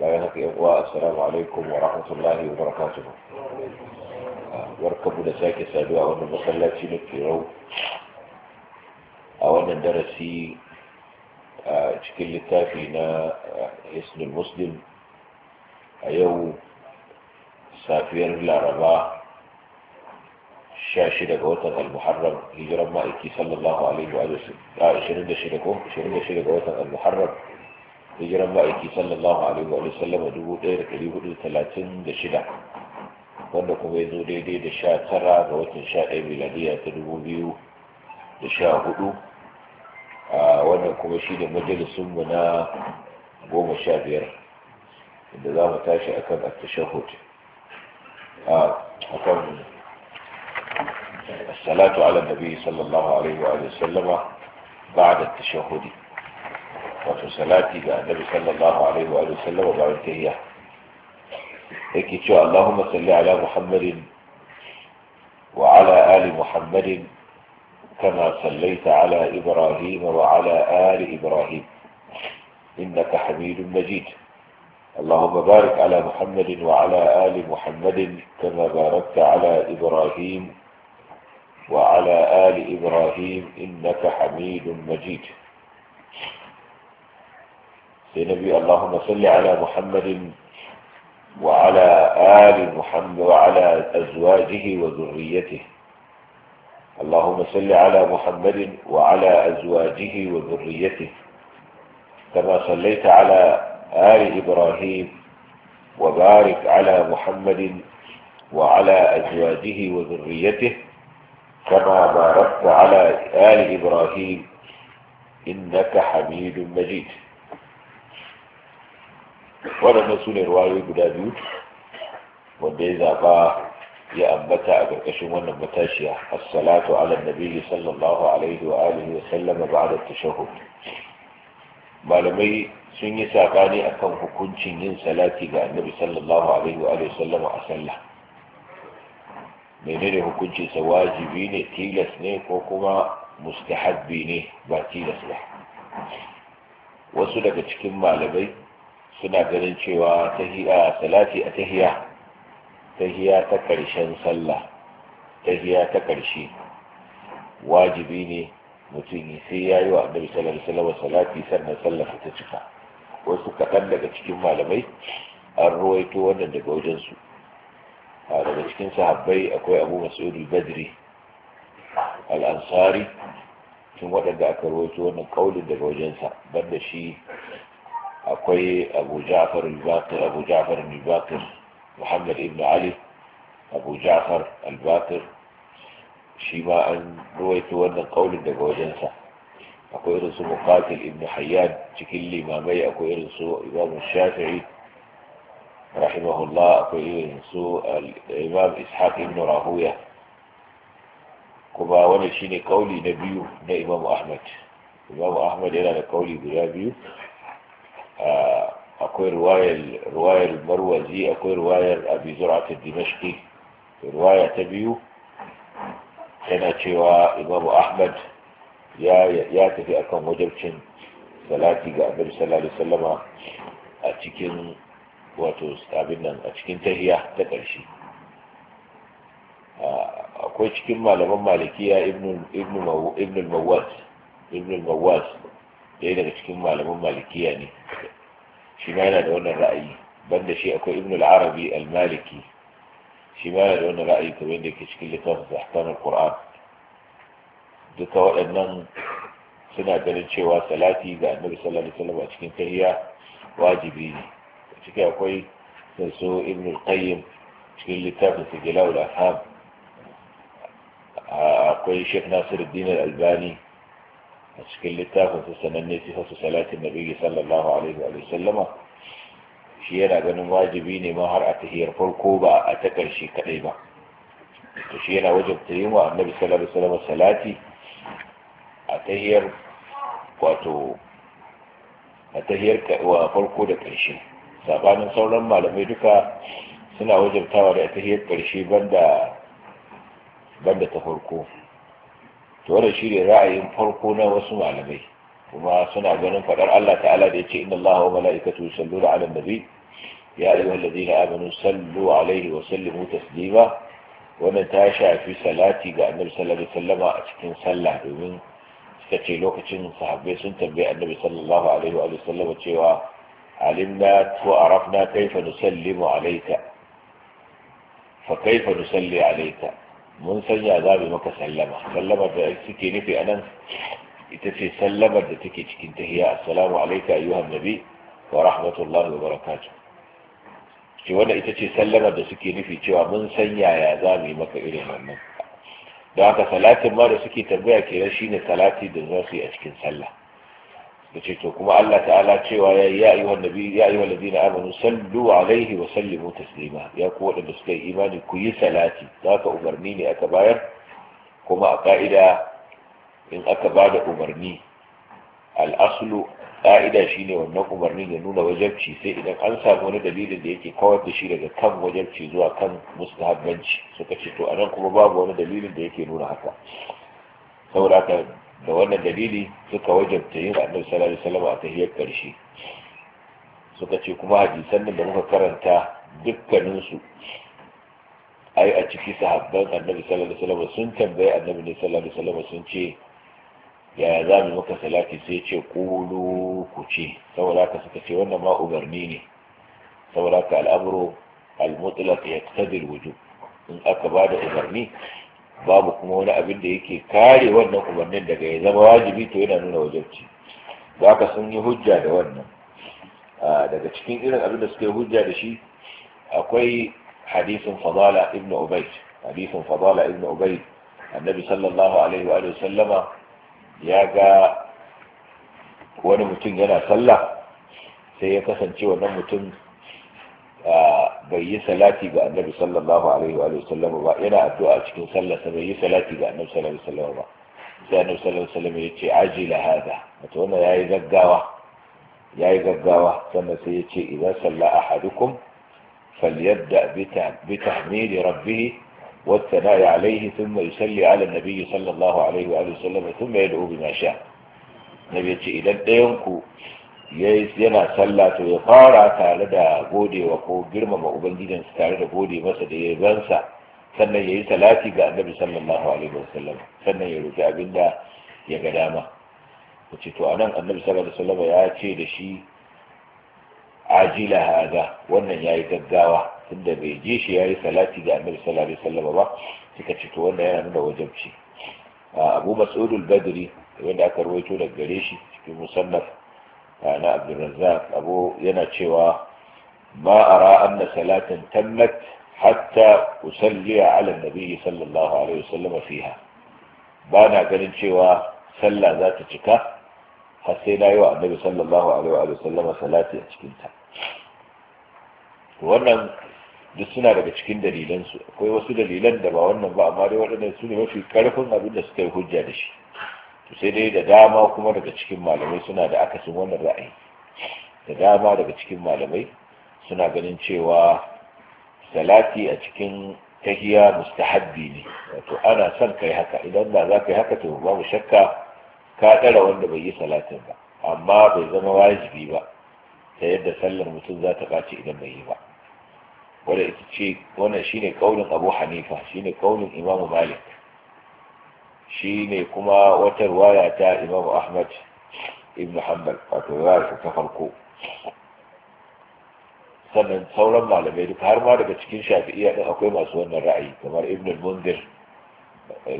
بارك الله السلام عليكم ورحمة الله وبركاته واركبوا لساك السابع وانا مصلى تشينك في درسي تشكل تافينا اسم المسلم ايو سافير لاربا شاشي لغوتا المحرم هجرم مائكي صلى الله عليه وآله وسلم شرد شرد شرد شرد المحرم hijiran ma'aiki sallallahu alaihi wa sallama dubu ɗaya da ɗari hudu talatin da shida wanda kuma ya zo daidai da sha tara ga watan sha ɗaya miladiya ta dubu biyu da sha hudu a wannan kuma shi da majalisunmu na goma sha biyar inda za mu tashi a akan attashahud a akan الصلاة على النبي صلى الله عليه وآله وسلم بعد التشهد wato salati ga annabi sallallahu alaihi wa sallam wa barakatiyya yake cewa Allahumma salli ala Muhammadin wa ala ali Muhammadin كما صليت على إبراهيم وعلى آل إبراهيم إنك حميد مجيد اللهم بارك على محمد وعلى آل محمد كما باركت على إبراهيم وعلى آل إبراهيم إنك حميد مجيد لنبي اللهم صل على محمد وعلى آل محمد وعلى أزواجه وذريته اللهم صل على محمد وعلى أزواجه وذريته كما صليت على آل إبراهيم وبارك على محمد وعلى أزواجه وذريته كما باركت على آل إبراهيم إنك حميد مجيد waɗannan su ne ruwayoyi guda biyu wanda ya zaɓa ya ambata a ƙarƙashin wannan matashiya assalatu ala nabiyyi sallallahu alaihi wa alihi wa sallama ba'da malamai sun yi saƙani akan hukuncin yin salati ga annabi sallallahu alaihi wa alihi wa sallama a sallah menene hukunci sa wajibi ne tilas ne ko kuma mustahabbi ne ba tilas ba wasu daga cikin malamai suna ganin cewa hiya salati a tahiya tahiya ta karshen sallah tahiya ta ƙarshe. wajibi ne mutum sai ya yi wa annabi sallallahu alaihi salati sannan sallah ta cika wasu kaɗan daga cikin malamai an ruwaito wannan daga wajensu daga cikin sahabbai akwai abu mas'ud Badiri, badri al-ansari tun waɗanda aka ruwaito wannan kaulin daga wajensa banda shi أقوي أبو جعفر الباقر أبو جعفر بن الباقر محمد بن علي أبو جعفر الباقر شيماء رويت أن قول النبو جنسة أقوي رسو مقاتل بن حياد تكلي ما مي أقوي رسو إمام الشافعي رحمه الله أقوي رسو الإمام إسحاق بن راهوية كما ونشيني قولي نبيه نا إمام أحمد إمام أحمد إلى قولي بلابيه akwai ruwayar marwazi akwai ruwayar abu zura ta dimashki ruwaya ta biyu tana cewa imamu ahmad ya tafi akan wajabcin salati ga annabi sallallahu a cikin wato abin nan a cikin tahiya ta ƙarshe akwai cikin malaman malikiya ibn al ɗaya daga cikin malaman malikiya ne shi ma yana da wannan ra'ayi banda shi akwai ibn al-arabi al-maliki shi ma yana da wannan ra'ayi kamar yadda yake cikin littafin al qur'an duka waɗannan suna ganin cewa salati ga annabi sallallahu alaihi wasallam a cikin tahiyya wajibi ne cikin akwai sanso ibn al-qayyim cikin littafin sigilau al-afham akwai sheikh nasiruddin al-albani a cikin littafin su sananne sifatu salatin nabi sallallahu alaihi wa sallama shi yana ganin wajibi ne ma har a tahiyar farko ba a ta ƙarshe kadai ba to shi yana wajen yin wa annabi sallallahu alaihi wa salati a tahiyar wato a tahiyar farko da ƙarshe sabanin sauran malamai duka suna wajen tawa da tahiyar ƙarshe banda banda ta farko to wannan shi ne ra'ayin farko na wasu malamai kuma suna ganin faɗar Allah ta'ala da ya ce inna Allah wa mala'ikatu yusalluna 'alan nabi ya ayyuhal ladina amanu sallu 'alaihi wa sallimu taslima wannan ta shafi salati ga annabi sallallahu alaihi wasallama a cikin sallah domin suka ce lokacin sahabbai sun tambayi annabi sallallahu alaihi wa sallama cewa alimna wa arafna kaifa nusallimu alayka fa kaifa nusalli alayka mun sanya za mu maka sallama sallamar da suke nufi a nan ita ce sallamar da take cikin tahiya assalamu alaika ayyuhan nabi wa rahmatullahi wa barakatu. ce wanda ita ce sallamar da suke nufi cewa mun sanya ya za mu maka irin wannan don haka salatin ma da suke tambaya kenan shine salati da za su yi a cikin sallah yace to kuma Allah ta'ala cewa ya yi ayyuhan nabi ya ayyuhal ladina amanu sallu alaihi wa sallimu taslima ya ku wadanda suka yi imani ku yi salati zaka umarni ne aka bayar kuma a ka'ida in aka da umarni al ƙa'ida shi shine wannan umarnin ya nuna wajabci sai idan an samu wani dalilin da yake kawar da shi daga kan wajabci zuwa kan mustahabbanci suka ce to anan kuma babu wani dalilin da yake nuna haka saboda haka da wannan dalili suka wajabta yin annabi sallallahu alaihi wasallam a tahiyar karshe suka ce kuma hadisan da muka karanta dukkanin su ai a ciki sahabban annabi sallallahu alaihi wasallam sun tambaye annabi ne sallallahu alaihi wasallam sun ce yaya za mu maka salati sai ce kulu ku ce saboda haka suka ce wannan ma umarni ne saboda haka al'amru al-mutlaq yaqtadi al-wujub in aka bada umarni babu kuma wani abin da yake kare wannan umarnin daga ya zama wajibi to yana nuna wajabci da haka sun yi hujja da wannan daga cikin irin abin da suke hujja da shi akwai hadisin fadala ibn ubayd hadisin fadala ibn ubayd annabi sallallahu alaihi wa sallama ya ga wani mutum yana sallah sai ya kasance wannan mutum bai yi salati ga annabi sallallahu alaihi wa sallam ba yana addu'a cikin sallarsa bai yi salati ga annabi sallallahu alaihi wa sallam ba sai annabi sallallahu alaihi wa sallam ya ce ajila hada wato wannan yayi gaggawa yayi gaggawa sannan sai ya ce idan salla ahadukum falyabda bi tahmidi rabbih والثناء عليه ثم يصلي على النبي صلى الله عليه وآله وسلم ثم يدعو بما شاء نبي يقول إذا ديونكو yana sallah to ya fara tare da godewa ko girmama ubangijinsa tare da gode masa da yabansa sannan ya yi salati ga annabi sallallahu alaihi wasallam sannan ya roki abinda ya ga dama ce to anan annabi sallallahu alaihi wasallam ya ce da shi ajila haza wannan yayi gaggawa tunda bai je shi yayi salati ga annabi sallallahu alaihi wasallam ba kika ce to wannan yana nuna wajabci Abu Mas'ud al-Badri wanda aka rawaito daga gare shi cikin musannaf na abdulrazzaq abu yana cewa ba ara anna salatin tammat hatta usalliya ala nabi sallallahu alaihi wasallam fiha ba na ganin cewa sallah za ta cika har sai na yi wa annabi sallallahu alaihi wasallam salati a cikin ta wannan duk suna daga cikin dalilansu akwai wasu dalilan da ba wannan ba amma dai waɗannan su ne mafi karfin abin da suka yi hujja da shi to sai dai da dama kuma daga cikin malamai suna da akasin wannan ra'ayi da dama daga cikin malamai suna ganin cewa salati a cikin tahiya mustahabbi ne wato ana son kai haka idan ba za ka yi haka to babu shakka ka tsara wanda bai yi salatin ba amma bai zama wajibi ba ta yadda sallar mutum za ta ɓaci idan bai yi ba wanda ita ce wannan shine kaulin Abu Hanifa shine kaulin imamu Malik shi ne kuma wata ruwaya ta imam ahmad ibn hanbal wato ruwayar ta farko sannan sauran malamai duka har ma daga cikin shafi'iyya din akwai masu wannan ra'ayi kamar ibn al-mundir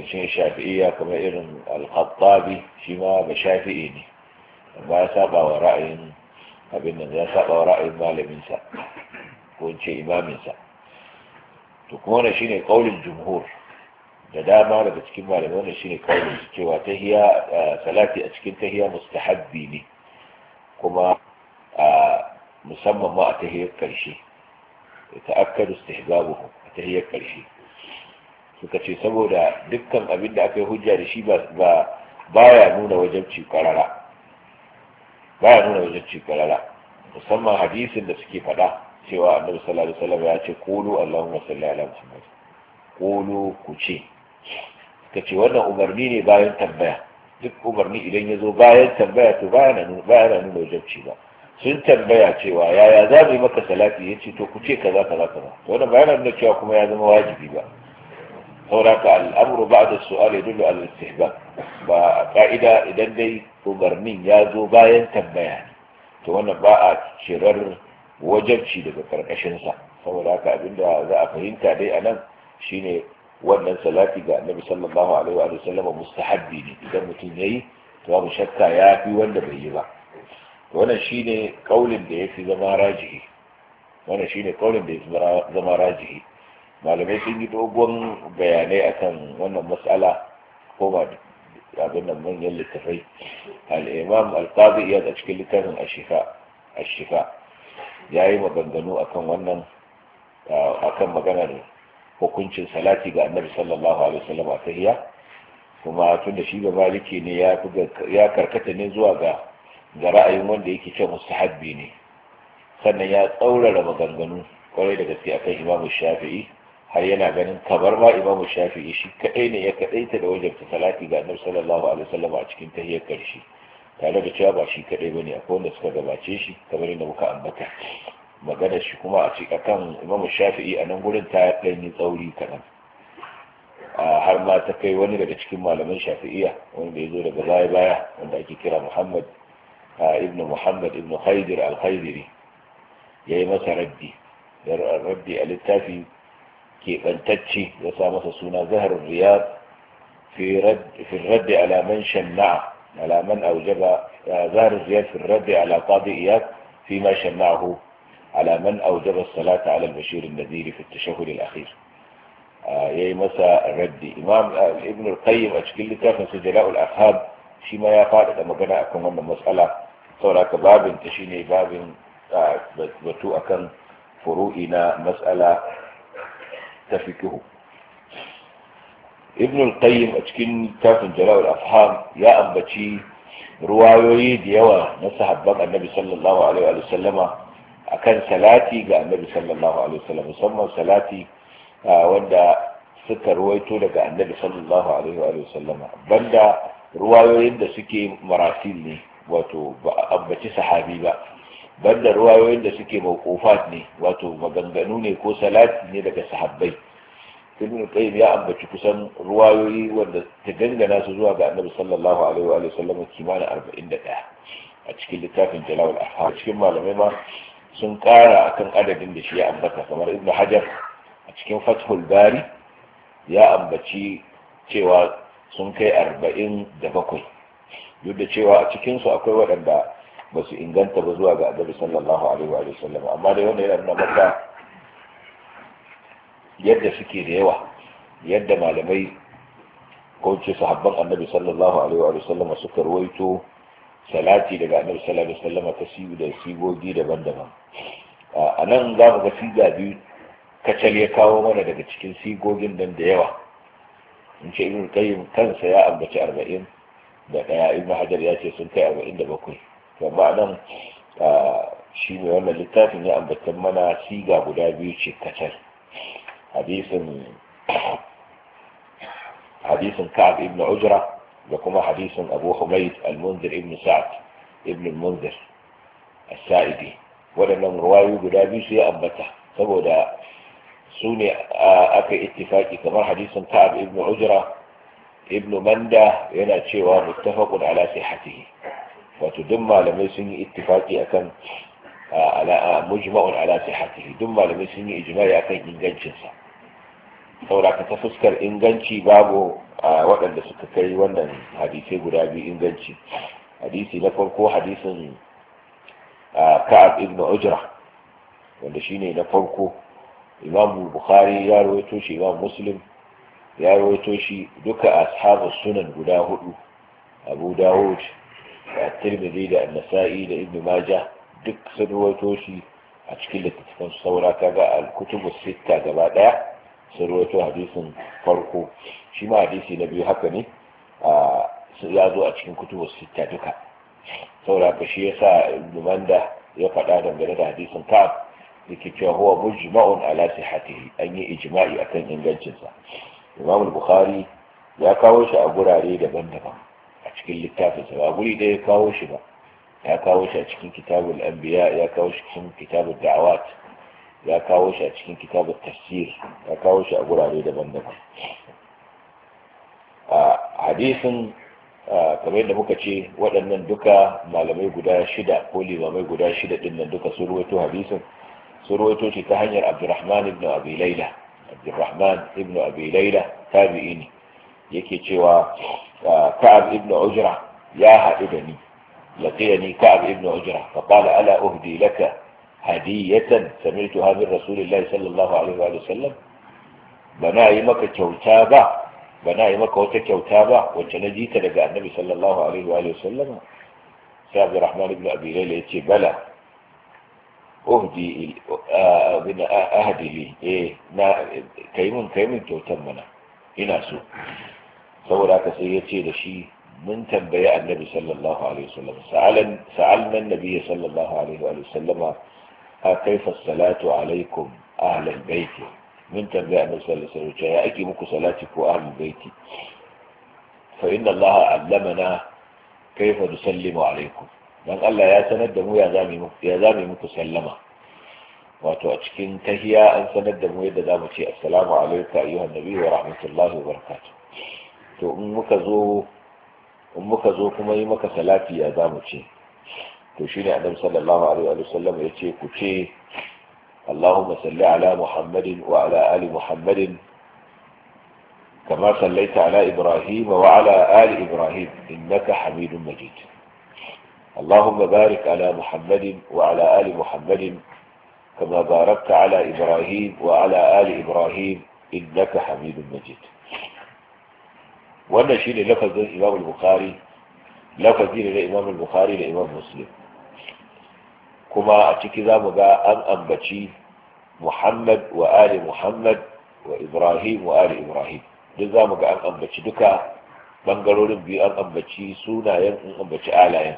shi shafi'iyya kamar irin al-khattabi shi ma ba shafi'i ne amma ya saba wa ra'ayin abin nan ya saba wa ra'ayin malaminsa, ko in ce to kuma wannan shine kaulin jumhur da dama daga cikin malamai wannan shine kawai cewa tahiya salati a cikin tahiya mustahabbi ne kuma musamman ma a tahiyar karshe akkadu istihbabu a tahiyar karshe suka ce saboda dukkan abin da aka yi hujja da shi ba baya nuna wajen ci karara baya nuna ci karara musamman hadisin da suke faɗa cewa annabi sallallahu alaihi wasallam ya ce qulu allahumma salli ala muhammad qulu ku ce ka ce wannan umarni ne bayan tambaya duk umarni idan ya zo bayan tambaya to baya na nuna wajabci ba sun tambaya cewa yaya za mu yi maka salati ya ce to ku ce kaza kaza kaza to wannan bayan nuna cewa kuma ya zama wajibi ba sauraka al'amuru ba da su are dullu al ba a ka'ida idan dai umarnin ya zo bayan tambaya ne to wannan ba a cirar wajabci daga karkashinsa saboda haka abinda za a fahimta dai a nan shine wannan salati ga annabi sallallahu alaihi wa sallam mustahabbi ne idan mutum yayi to babu shakka ya fi wanda bai yi ba wannan shine kaulin da yafi zama rajihi wannan shine kaulin da zama rajihi malamai sun yi dogon bayanai akan wannan mas'ala ko ba abin nan manyan littafai al-imam al-qadi ya a cikin littafin ashifa ashifa yayi maganganu akan wannan akan hukuncin salati ga annabi sallallahu alaihi wasallam a tahiya kuma tun da shi ga maliki ne ya ya karkata ne zuwa ga ga ra'ayin wanda yake cewa mustahabbi ne sannan ya tsaurara maganganu kwarai da gaske akan imamu shafi'i har yana ganin kamar ma imamu shafi'i shi kadai ne ya kadaita da wajen salati ga annabi sallallahu alaihi wasallam a cikin tahiyar karshe tare da cewa ba shi kadai bane akwai wanda suka gabace shi kamar yadda muka ambata magana shi kuma a cikin kan imamu shafi'i a nan gurin ta ɗanyi tsauri kaɗan har ma ta kai wani daga cikin malaman shafi'iya wanda ya zo daga baya baya wanda ake kira muhammad ibn muhammad ibn khaidir al khaidiri ya yi masa raddi raddi a littafi keɓantacce ya sa masa suna zahar riyad fi raddi alaman shanna'a alaman aujaba zahar riyad fi raddi ala qadi iyad fi ma shanna'ahu على من أوجب الصلاة على البشير النذير في التشهد الأخير آه، يا مساء ردي إمام آه، ابن القيم أشكل لتاف سجلاء الأخاب شما يا فادة أما كان أكون من مسألة صورة باب تشيني باب آه، بتو أكن فروئنا مسألة تفكه ابن القيم أشكل a cikin tafin jala'ul يا ya ambaci ruwayoyi da yawa na sahabban annabi sallallahu alaihi akan salati ga annabi sallallahu alaihi wasallam musamman salati wanda suka ruwaito daga annabi sallallahu alaihi wasallama banda ruwayoyin da suke marasil ne wato ba ambaci sahabi ba banda ruwayoyin da suke mawqufat ne wato maganganu ne ko salati ne daga sahabbai ibn qayyim ya ambaci kusan ruwayoyi wanda ta dangana su zuwa ga annabi sallallahu alaihi wa sallam kimanin 41 a cikin littafin jalal al-ahkam cikin malamai ma sun kara kan adadin da shi ya ambata kamar ibn hajar a cikin fathul bari ya ambaci cewa sun kai arba'in da bakwai duk da cewa a cikinsu akwai waɗanda ba su inganta ba zuwa ga adabi sallallahu alaihi wa sallam amma da wannan yana nuna maka yadda suke da yawa yadda malamai ko ce sahabban annabi sallallahu alaihi wa sallam suka ruwaito salati daga annabi sallallahu alaihi wasallam ta siyu da sigogi daban-daban a nan za mu ga siga biyu kacal ya kawo mana daga cikin sigogin nan da yawa in ce ibn qayyim kansa ya ambaci 40 da daya ibn hajar ya ce sun kai 47 to ba nan shi ne wannan littafin ya ambatan mana siga guda biyu ce kacal hadisin hadisin ka'ab ibn ujra da kuma hadisin abu humaid al-munzir ibn sa'ad ibn al-munzir saidi waɗannan ruwayu guda biyu su ya ambata saboda sune ne aka ittifaki kamar hadisin ka'ab ibn ujra ibn manda yana cewa muttafaqun ala sihhatihi wato duk malamai sun yi ittifaki akan mujma'un ala sihhatihi duk malamai sun yi ijma'i akan ingancinsa saboda ka ta fuskar inganci babu waɗanda suka kai wannan hadisai guda biyu inganci hadisi na farko hadisin ka'ab ibn ujra wanda shine na farko imam bukhari ya rawaito shi imam muslim ya rawaito shi duka ashabu sunan guda hudu abu dawud da tirmidhi da an-nasa'i da ibn majah duk sun rawaito shi a cikin littattafan saura kaga al-kutubus sitta gaba daya sun rawaito hadisin farko shi ma hadisi na biyu haka ne ya zo a cikin kutubu sita duka saboda haka shi yasa lumanda ya faɗa dangane da hadisin kaf yake cewa huwa mujma'un ala sihhatihi an yi ijma'i akan ingancinsa imam bukhari ya kawo shi a gurare daban-daban a cikin littafinsa ba guri da ya kawo shi ba ya kawo shi a cikin kitabul anbiya ya kawo shi cikin kitabul da'awat ya kawo shi a cikin kitabar tafsir ya kawo shi a gurare daban-daban a hadisin kamar da muka ce waɗannan duka malamai guda shida ko limamai guda shida ɗin nan duka sun ruwaito hadisin sun ruwaito shi ta hanyar abdurrahman ibn abi laila abdurrahman ibn abi laila tabi'i ne yake cewa ka'ab ibn ujra ya haɗu da ni laqiyani ka'ab ibn ujra fa qala ala uhdi laka hadiyatan sami'tu hamir rasulullahi sallallahu alaihi wa sallam bana yi maka kyauta ba bana yi maka wata kyauta ba wacce na ji ta daga annabi sallallahu alaihi wa sallama sai abdurrahman ibn abi layla yace bala uhdi ah, bin ah, ahdili eh na kyautan mana ina so saboda haka sai yace da shi mun tambaye annabi sallallahu alaihi wasallam sa'alan sa'alna annabi sallallahu alaihi wa a kaifa salatu alaikum ahlal baiti min tambaya annabi sallallahu alaihi wasallam ya ake muku salati ko ahlul baiti fa inna allaha allamana kaifa nusallimu alaikum da mu ya zame muku ya zame muku sallama wato a cikin tahiya an sanar da mu yadda zamu ce assalamu alayka ayyuhan nabi wa rahmatullahi wa to in muka zo kuma yi maka salati ya zamu ce to shi ne annabi sallallahu alaihi wa sallam ya ce ku ce Allahumma salli ala Muhammadin wa ala ali Muhammadin kama sallaita ala Ibrahim wa ala ali Ibrahim innaka Hamidum Majid Allahumma barik ala Muhammadin wa ala ali Muhammadin kama barakta ala Ibrahim wa ala ali Ibrahim innaka Hamidum Majid wannan shi ne lafazin imam al-bukhari lafazi ne na imam al-bukhari da imam muslim kuma a ciki za mu ga an ambaci muhammad wa ali muhammad wa ibrahim wa ali ibrahim duk za mu ga an ambaci duka bangarorin biyu an ambaci sunayen an ambaci alayen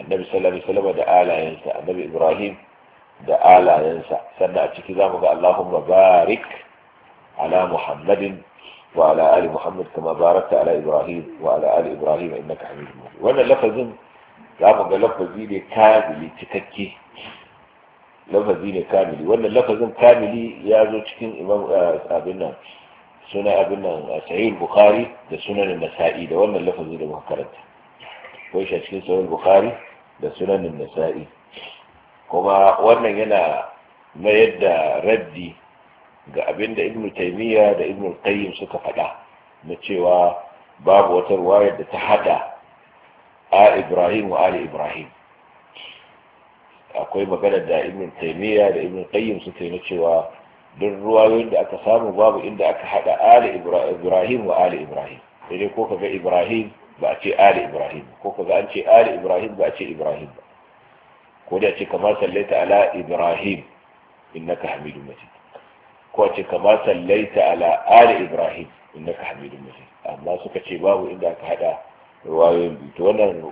annabi sallallahu alaihi wasallam da alayensa annabi ibrahim da alayensa sannan a ciki za mu ga allahumma barik ala muhammadin wa وعلى آل محمد كما باركت على إبراهيم وعلى آل إبراهيم إنك حميد مجيد وأنا لفظ za mu ga lafazi ne kamili cikakke lafazi ne kamili wannan lafazin kamili ya zo cikin imam eh, abin nan suna abin nan eh, sahih bukhari da sunan nasa'i da wannan lafazi da muka karanta ko shi cikin sahih bukhari da sunan nasa'i kuma wannan yana mayar da raddi ga abin da ibnu taymiya da ibnu qayyim suka faɗa na cewa babu wata ruwayar da ta hada آل إبراهيم وآل إبراهيم akwai magana da ibn taymiya da ibn qayyim suka yi na cewa duk ruwayoyin da aka samu babu inda aka hada ali ibrahim wa ali ibrahim sai ko kaga ibrahim ba a ce ali ibrahim ko kaga an ce ali ibrahim ba a ce ibrahim ba ko da ce kamar sallaita ala ibrahim innaka ko a ce ali ibrahim amma suka ce babu inda aka hada ruwayoyin biyu to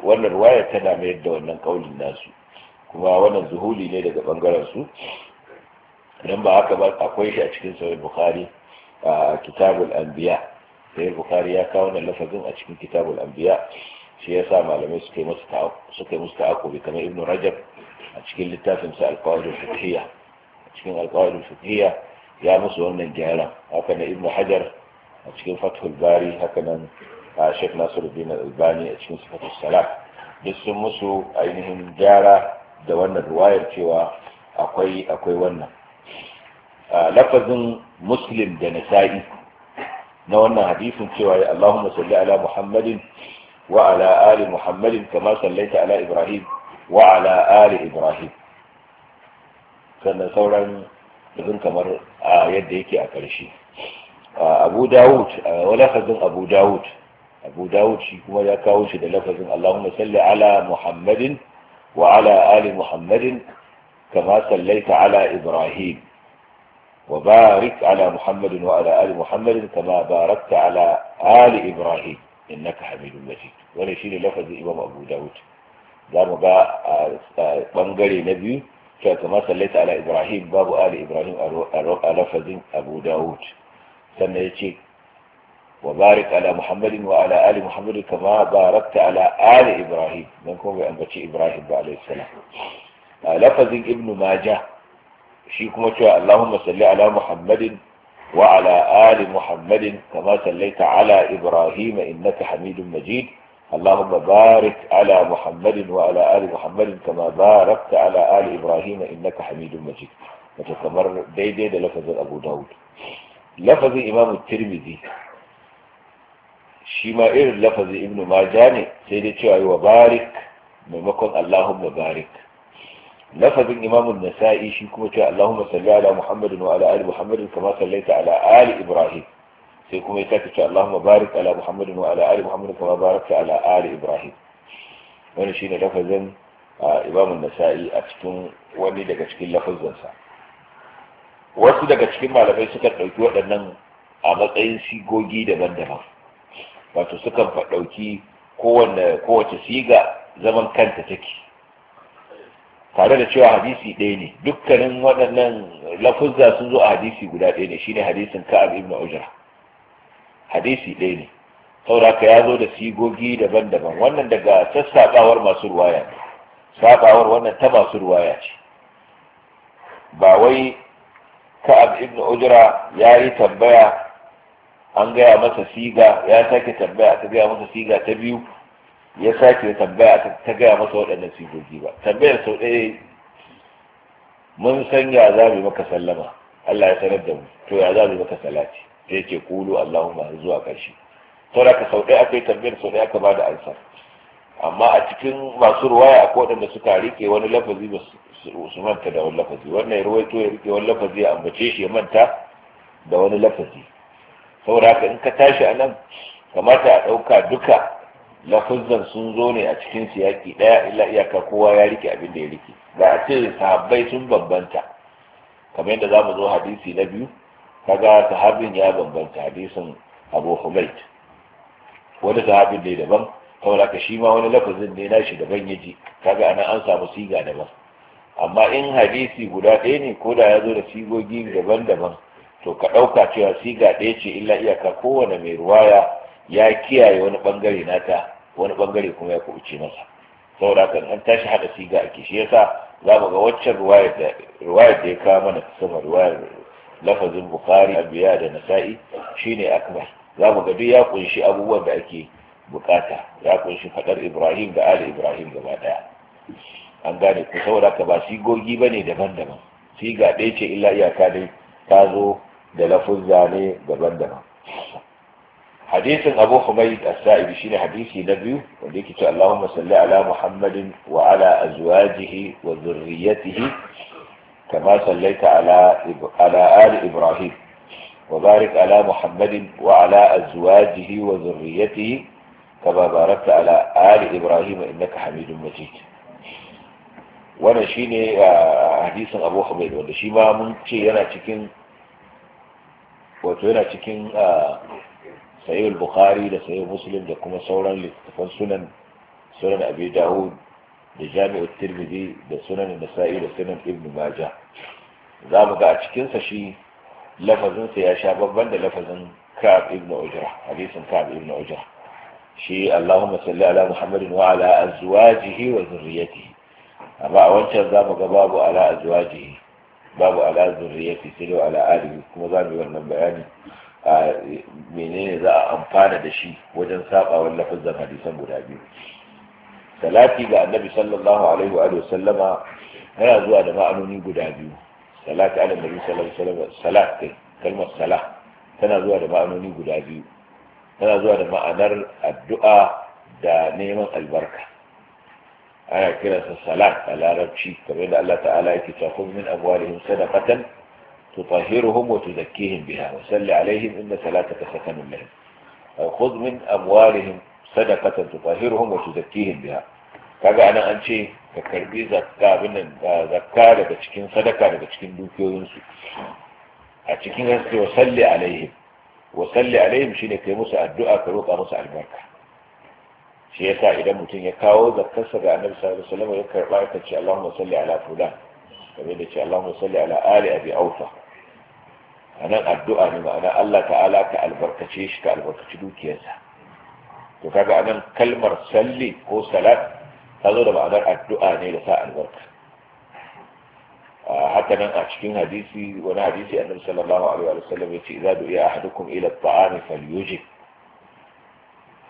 wannan ruwaya tana mayar da wannan kaulin nasu kuma wannan zuhuli ne daga bangaren su idan ba haka ba akwai shi a cikin sahih bukhari a kitabul anbiya sai bukhari ya kawo wannan lafazin a cikin kitabul anbiya shi yasa malamai suka yi musu suka yi musu ta'akubi kamar ibnu rajab a cikin littafin sa al-qawaid al-fiqhiyya cikin al-qawaid al-fiqhiyya ya musu wannan gyaran haka na ibnu hajar a cikin fathul bari haka nan a Sheikh Nasiruddin Albani a cikin sifatu salam duk sun musu ainihin gyara da wannan ruwayar cewa akwai akwai wannan lafazin muslim da nasa'i na wannan hadisin cewa ya Allahumma salli ala Muhammadin wa ala ali Muhammadin kama sallaita ala Ibrahim wa ala ali Ibrahim sannan sauran irin kamar a yadda yake a ƙarshe abu dawud wani walakazin abu dawud abu dawud shi kuma ya kawo shi da lafazin allahumma salli ala muhammadin wa ala ali muhammadin kama sallaita ala ibrahim wa barik ala muhammadin wa ala ali muhammadin kama barakta ala ali ibrahim innaka hamidun majid wannan shine lafazin imam abu dawud za mu ga bangare na biyu cewa kama sallaita ala ibrahim babu ali ibrahim a lafazin abu dawud sannan ya ce وبارك على محمد وعلى آل محمد كما باركت على آل إبراهيم منكم بأن بشي إبراهيم عليه السلام آه، لفظ ابن ماجه شيكم اللهم صل على محمد وعلى آل محمد كما صليت على إبراهيم إنك حميد مجيد اللهم بارك على محمد وعلى آل محمد كما باركت على آل إبراهيم إنك حميد مجيد متكمر ديدي دي لفظ أبو داود لفظ إمام الترمذي shi ma irin lafazi ibn maja ne sai dai cewa yi wa barik maimakon allahumma barik lafazin imam nasa'i shi kuma cewa allahumma salli ala muhammadin wa ala ali muhammadin kama sallaita ala ali ibrahim sai kuma ya sake cewa allahumma barik ala muhammadin wa ala ali muhammadin kama barakta ala ali ibrahim wani shine lafazin imam nasa'i a cikin wani daga cikin lafazansa wasu daga cikin malamai suka ɗauki waɗannan a matsayin sigogi daban-daban wato sukan faɗauki kowace siga zaman kanta take tare da cewa hadisi ɗaya ne dukkanin waɗannan lafuzza sun zo a hadisi guda ɗaya ne shine hadisin ka'ab ibn ujra hadisi ɗaya ne sauraka ya zo da sigogi daban-daban wannan daga sassaɓawar masu ruwaya ne saɓawar wannan ta masu ruwaya ce ba wai ka'ab ibn ujra ya yi tambaya an gaya masa siga ya sake tambaya ta gaya masa siga ta biyu ya sake tambaya ta gaya masa waɗannan sigogi ba tambayar sau ɗaya mun san ya za mu maka sallama Allah ya sanar da mu to ya za mu maka salati sai yake kulu Allahumma zuwa ƙarshe saboda ka sau ɗaya akwai tambayar sau ɗaya aka ba da ansa amma a cikin masu ruwaya akwai waɗanda suka rike wani lafazi ba su manta da wani lafazi wannan ya ruwaito ya rike wani lafazi ya ambace shi ya manta da wani lafazi saboda haka in ka tashi a nan kamata a ɗauka duka lafuzan sun zo ne a cikin siyaki ɗaya illa iyaka kowa ya rike abin da ya rike ga a ce sahabbai sun bambanta kamar yadda za mu zo hadisi na biyu kaga sahabin ya bambanta hadisin abu humait wani sahabin ne daban saboda ka shi ma wani lafazin ne na shi daban ya ji kaga anan an samu siga daban amma in hadisi guda ɗaya ne ko da ya zo da sigogi daban-daban to ka ɗauka cewa siga ɗaya ce illa iyaka kowane mai ruwaya ya kiyaye wani ɓangare nata wani ɓangare kuma ya kuɓuce masa saboda haka an tashi haɗa siga ake shi yasa za mu ga waccan ruwayar da ya kawo mana sama ruwayar lafazin bukari abiya da nasa'i shine akmal za mu ga duk ya kunshi abubuwan da ake bukata ya kunshi faɗar ibrahim da ali ibrahim gaba ɗaya an gane ku saboda haka ba sigogi ba ne daban-daban siga ɗaya ce illa iyaka dai ta zo da lafuzza ne daban-daban hadisin abu humayd as-sa'ib shine hadisi na biyu wanda yake cewa Allahumma salli ala Muhammadin wa ala azwajihi wa dhurriyyatihi kama sallaita ala ala ali Ibrahim wa barik ala Muhammadin wa ala azwajihi wa dhurriyyatihi kama barakta ala ali Ibrahim innaka Hamidum Majid wannan shine hadisin Abu Humayd wanda shi ma mun ce yana cikin wato yana cikin ah, sayyid bukhari da sayyid muslim da kuma sauran littattafan sunan sunan abi dawud da jami'ut tirmidhi da sunan nasa'i da sunan ibn majah za mu ga a cikin sa shi lafazin sa ya sha babban da lafazin ka'ab ibn ujra hadisin ka'ab ibn ujra shi allahumma salli ala muhammadin wa ala azwajihi wa zurriyyatihi amma a wancan za mu ga babu ala azwajihi babu ala zurriyati sai da ala alihi kuma za mu yi wannan bayani a menene za a amfana da shi wajen sabawan lafazan hadisan guda biyu salati ga annabi sallallahu alaihi wa sallama yana zuwa da ma'anoni guda biyu salati ala nabi sallallahu alaihi wa sallam salat kalmar salah tana zuwa da ma'anoni guda biyu tana zuwa da ma'anar addu'a da neman albarka ana kiransa salat a larabci kamar yadda Allah ta'ala yake cewa kun min amwalihim sadaqatan tutahhiruhum wa tuzakkihim biha wa salli alaihim inna salataka sakanun lahum aw khudh min amwalihim sadaqatan tutahhiruhum wa tuzakkihim biha kaga anan an ce ka karbi zakka abin zakka daga cikin sadaka daga cikin dukiyoyinsu a cikin haske wa salli alaihim wa salli alaihim shine kai musu addu'a ka roƙa musu albarka shi ya sa idan mutum ya kawo zakkarsa ga annabi sallallahu alaihi wasallam ya karba ya ce Allahumma salli ala fulan kamar da ce Allahumma salli ala ali abi aufa anan addu'a ne ma'ana Allah ta'ala ka albarkace shi ka albarkaci dukiyarsa to kaga anan kalmar salli ko salat ta zo da ma'anar addu'a ne da sa albarka ah, haka nan a cikin hadisi wani hadisi annabi sallallahu alaihi wasallam ya ce idza du'iya ahadukum ila at-ta'ami falyujib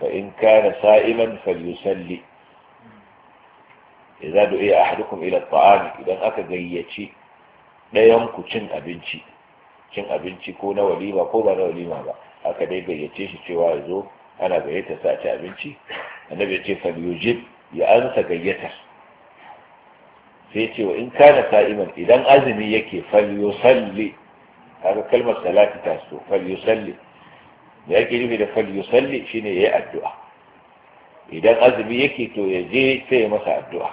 fa in kana sa'iman falyusalli idza du'iya ahadukum ila at-ta'am idan aka gayyaci ɗayan ku cin abinci ko na walima ko ba na walima ba aka dai gayyace shi cewa ya zo ana gayyata sa ci abinci annabi ya ce falyujib ya ansa gayyatar sai ce in kana sa'iman idan azumi yake falyusalli kaga kalmar salati ta so falyusalli me yake nufi da fal yusalli shine yayi addu'a idan azumi yake to ya je sai ya masa addu'a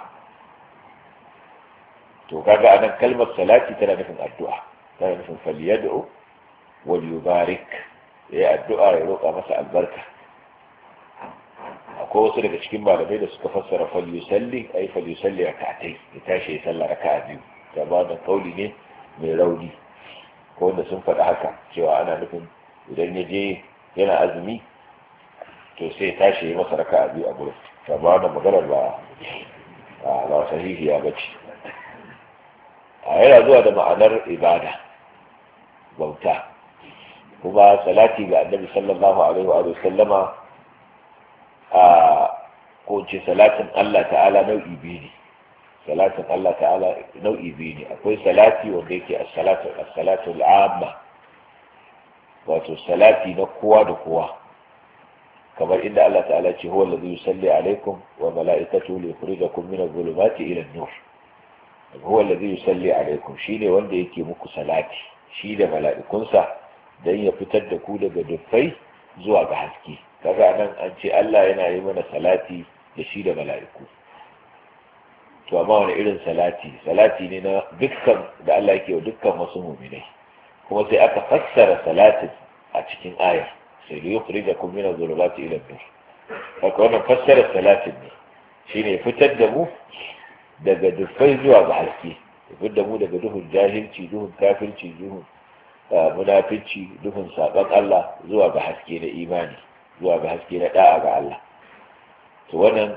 to kaga anan kalmar salati tana nufin addu'a tana nufin fal yad'u wal yubarik yayi addu'a ya roƙa masa albarka akwai wasu daga cikin malamai da suka fassara fal yusalli ay fal yusalli rak'atai ya tashi ya sallah raka'a biyu da ba da kauli ne mai rauni ko wanda sun faɗi haka cewa ana nufin idan ya je yana azumi to sai tashi ya masa raka a biyu a gurin ta ba da maganar ba ba sahihiya ba ce a yana zuwa da ma'anar ibada bauta kuma salati ga annabi sallallahu alaihi wa sallama a ko ce salatin Allah ta'ala nau'i biyu ne salatin Allah ta'ala nau'i biyu ne akwai salati wanda yake as-salatu as wato salati na kowa da kowa kamar inda Allah ta'ala ce huwa allazi yusalli alaikum wa mala'ikatu li yukhrijakum min adh-dhulumati ila an-nur huwa allazi yusalli alaikum shine wanda yake muku salati shi da mala'ikunsa dan ya fitar da ku daga dufai zuwa ga haske kaga nan an ce Allah yana yi mana salati da shi da mala'iku to amma wani irin salati salati ne na dukkan da Allah yake wa dukkan wasu mu'minai kuma sai aka fassara salatin a cikin ayar sai liyu kurija kun mina zulubati ila nur haka wannan fassara salatin ne shine fitar da mu daga dufai zuwa ga haske fitar da mu daga duhun jahilci duhun kafirci duhun munafici duhun saban Allah zuwa ga haske na imani zuwa ga haske na da'a ga Allah to wannan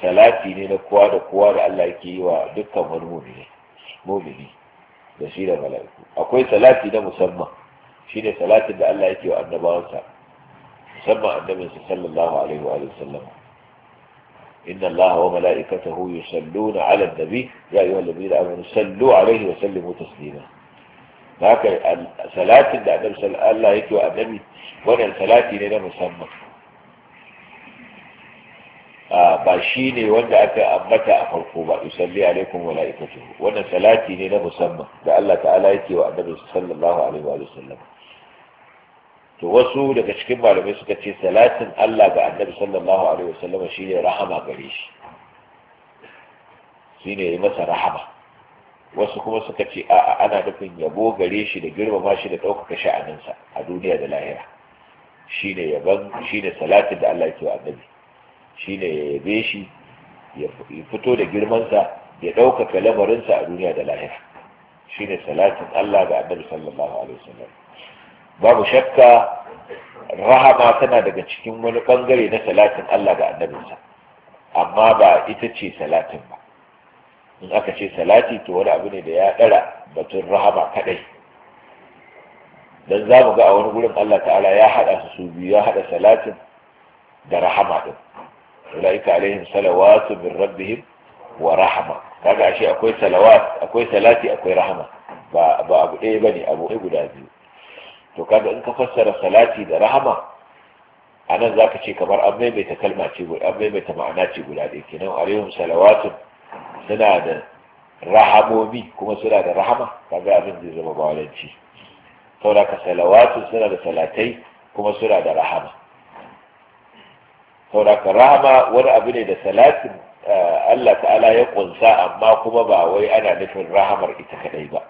salati ne na kowa da kowa da Allah yake yi wa dukkan wani mumini da shi da mala'iku akwai salati na musamman shi ne salatin da Allah yake wa annabawansa musamman annabinsa sallallahu alaihi wa sallam inna Allah wa mala'ikatahu yusalluna ala nabi ya ayyuha alladhina amanu sallu alaihi wa sallimu taslima haka salatin da annabi sallallahu alaihi wa sallam yake wa annabi wannan salati ne na musamman ba shi ne wanda aka ambata a farko ba yusalli alaikum malaikatu wannan salati ne na musamman da Allah ta'ala yake wa annabi sallallahu alaihi wa sallam to wasu daga cikin malamai suka ce salatin Allah ga annabi sallallahu alaihi wa sallam shine rahama gare shi shine yi masa rahama wasu kuma suka ce a'a ana nufin yabo gare shi da girmama shi da ɗaukaka sha'aninsa a duniya da lahira shine yaban shine salatin da Allah yake wa annabi Shi ne ya yabe shi ya fito da girmansa ya ɗaukaka lamarinsa a duniya da lahira ne salatin Allah ga annabi sallallahu alaihi wasallam babu shakka rahama tana daga cikin wani bangare na salatin Allah ga annabinsa amma ba ita ce salatin ba in aka ce salati to wani abu ne da ya ɗara batun rahama kaɗai, dan za mu ga a wani gurin Allah ta'ala ya haɗa su su biyu ya haɗa salatin da rahama ɗin. ulaika alaihim salawatu min rabbihim wa rahma kaga ashe akwai salawat akwai salati akwai rahma ba ba abu ɗaya bane abu ɗaya guda biyu to kaga in ka fassara salati da rahma anan zaka ce kamar an maimaita kalma ce guda an maimaita ma'ana ce guda ɗaya kenan alaihim salawatu suna da rahamomi kuma suna da rahama kaga abin zai zama bawalanci saboda ka salawatu suna da salatai kuma suna da rahama sauraka rahama wani abu ne da salatin eh, Allah ta'ala ya kunsa amma kuma ba wai ana nufin rahamar ita kadai ba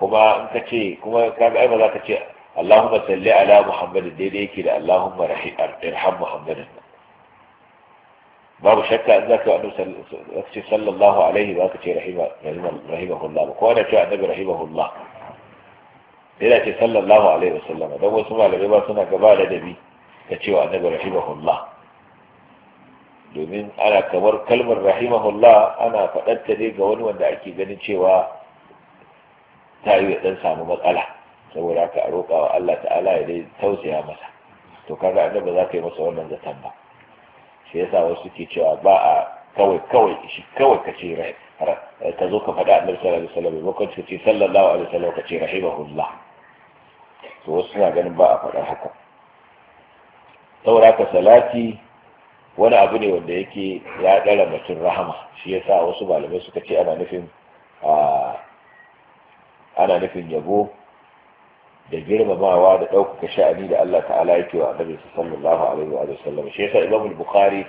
kuma in ka ce kuma ka ga ai ba za ka ce Allahumma salli ala Muhammadin daidai yake da Allahumma irham Muhammadin babu shakka in zaka annabi sallallahu ce sallallahu alaihi ba ka ce rahima rahimahullah ba ko ana cewa annabi rahimahullah dai da ce sallallahu alaihi wasallam don wasu malamai ba suna gaba da dabi ka ce cewa annabi rahimahullah domin ana kamar kalmar rahimahullah ana faɗanta ne ga wani wanda ake ganin cewa ta yi ɗan samu matsala saboda haka a roƙa wa Allah ta'ala ya dai tausaya masa to kaga annabi za ka yi masa wannan zaton ba shi yasa wasu ke cewa ba a kawai kawai shi kawai ka ce ka zo ka faɗa annabi sallallahu alaihi wasallam maimakon ka ce sallallahu alaihi wasallam ka ce rahimahullah to wasu suna ganin ba a faɗar haka saboda salati wani abu ne wanda yake ya ɗara batun rahama shi yasa wasu malamai suka ce ana nufin ana nufin yabo da girmamawa da ɗaukaka sha'ani da Allah ta'ala yake wa annabi sallallahu alaihi wa sallam shi yasa Imam Bukhari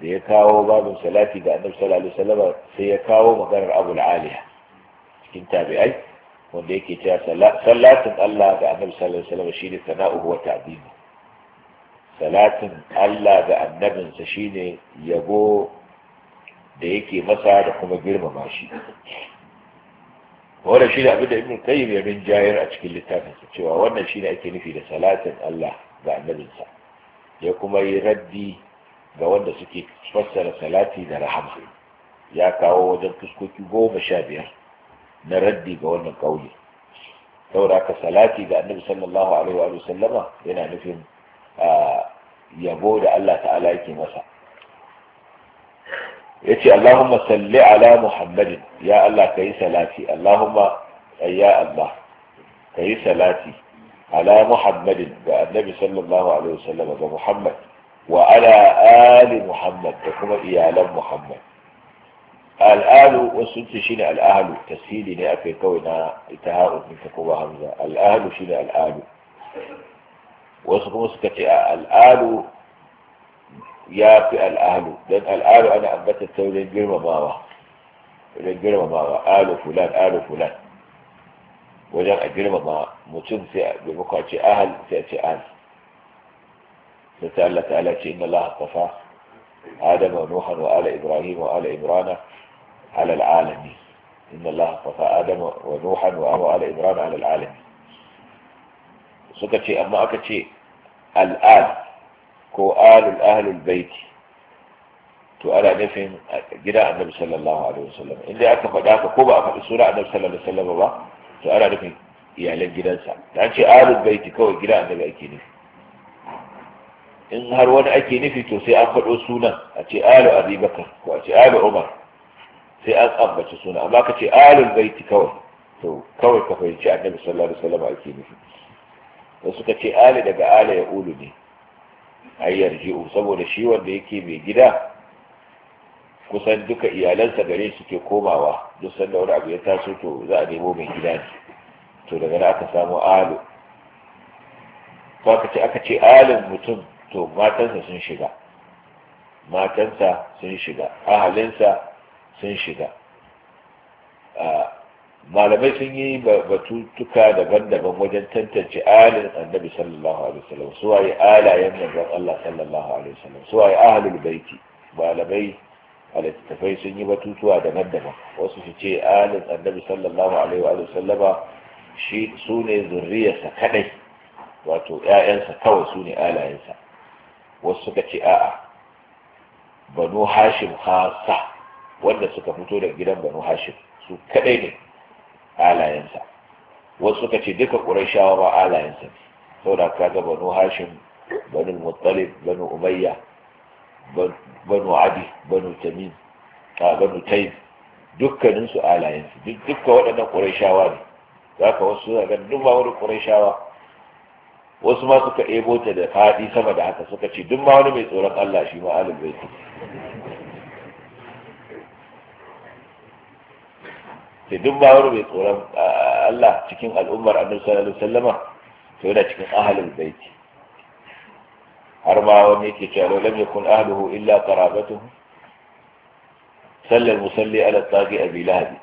da ya kawo babin salati da annabi sallallahu alaihi wasallam sai ya kawo maganar Abu Aliya cikin tabi'ai wanda yake cewa salatin Allah ga annabi sallallahu alaihi wasallam shine sana'uhu wa ta'dibu salatin Allah ga annabinsa shine yabo da yake masa da kuma girmama shi shi ne abin da ibn kai ya bin jayar a cikin littafin cewa wannan shine ake nufi da salatin Allah ga annabinsa ya kuma yi raddi ga wanda suke fassara salati da rahama ya kawo wajen fuskoki goma sha biyar na raddi ga wannan kauli saboda haka salati ga annabi sallallahu alaihi wa sallama yana nufin ah, يبو الله تعالى يكي مسا يتي اللهم صل على محمد يا الله كي سلاتي اللهم يا الله كي سلاتي على محمد النبي صلى الله عليه وسلم محمد وعلى آل محمد تكون يا محمد الآل وسنتشين الآل تسهيلني أفي كونا إتهاء من تكوى همزة الآل شين الآل وصفوسك الآل يا في الآل لأن الآل أنا أبتت سوي لنجير مبارا لنجير مبارا آل فلان آل فلان وجان أجير مبارا متن في بمقاة أهل في أتعال فتألت على إن الله اصطفى آدم ونوحا وآل إبراهيم وآل إبرانا على العالمين إن الله اصطفى آدم ونوحا وآل إبرانا على العالمين suka ce amma aka ce al'al ko alul ahlul baiti to ana nufin gida annabi sallallahu alaihi wasallam inda aka faɗa ka ko ba a faɗi sura annabi sallallahu alaihi wasallam ba to ana nufin iyalan gidansa ta ce alul baiti kawai gida annabi ake nufi in har wani ake nufi to sai an faɗo sunan a ce alu abubakar ko a ce alu umar sai an ambaci suna amma ka ce alul baiti kawai to kawai ka fahimci annabi sallallahu alaihi wasallam ake nufi da suka ce ali daga ala ya ulu ne ayyar ji'u saboda shi wanda yake mai gida kusan duka iyalansa gare suke komawa duk sanda wani abu ya taso to za a nemo mai gida ne to daga nan aka samu alu to aka ce aka ce alin mutum to matansa sun shiga matansa sun shiga ahalinsa sun shiga ah, malamai sun yi batutuka daban-daban wajen tantance alin annabi sallallahu alaihi wasallam su waye alayen manzon Allah sallallahu alaihi wasallam su waye ahlul baiti malamai a littattafai sun yi batutuwa daban-daban wasu su ce alin annabi sallallahu alaihi wasallama shi su ne zurriyarsa kadai wato ƴaƴansa kawai su ne alayensa wasu suka ce a'a banu hashim khasa wanda suka fito daga gidan banu hashim su kadai ne alayensa wasu suka ce duka ƙurayshawa ba alayensa ne saboda kaga banu hashim banu mutalib banu umayya banu adi banu tamim banu taib dukkanin su alayensu duk dukkan waɗannan ƙurashawa ne ka wasu suna ganin duk ba wani ƙurashawa, wasu ma suka ɗebo ta da faɗi sama da haka suka ce duk ma wani mai tsoron Allah shi ma alul sai duk ba wani mai tsoron Allah cikin al'ummar annabi sallallahu alaihi wasallama to yana cikin ahlul bait har ma wani yake cewa lam yakun ahluhu illa qarabatuhu sallal musalli ala taqi abi lahabi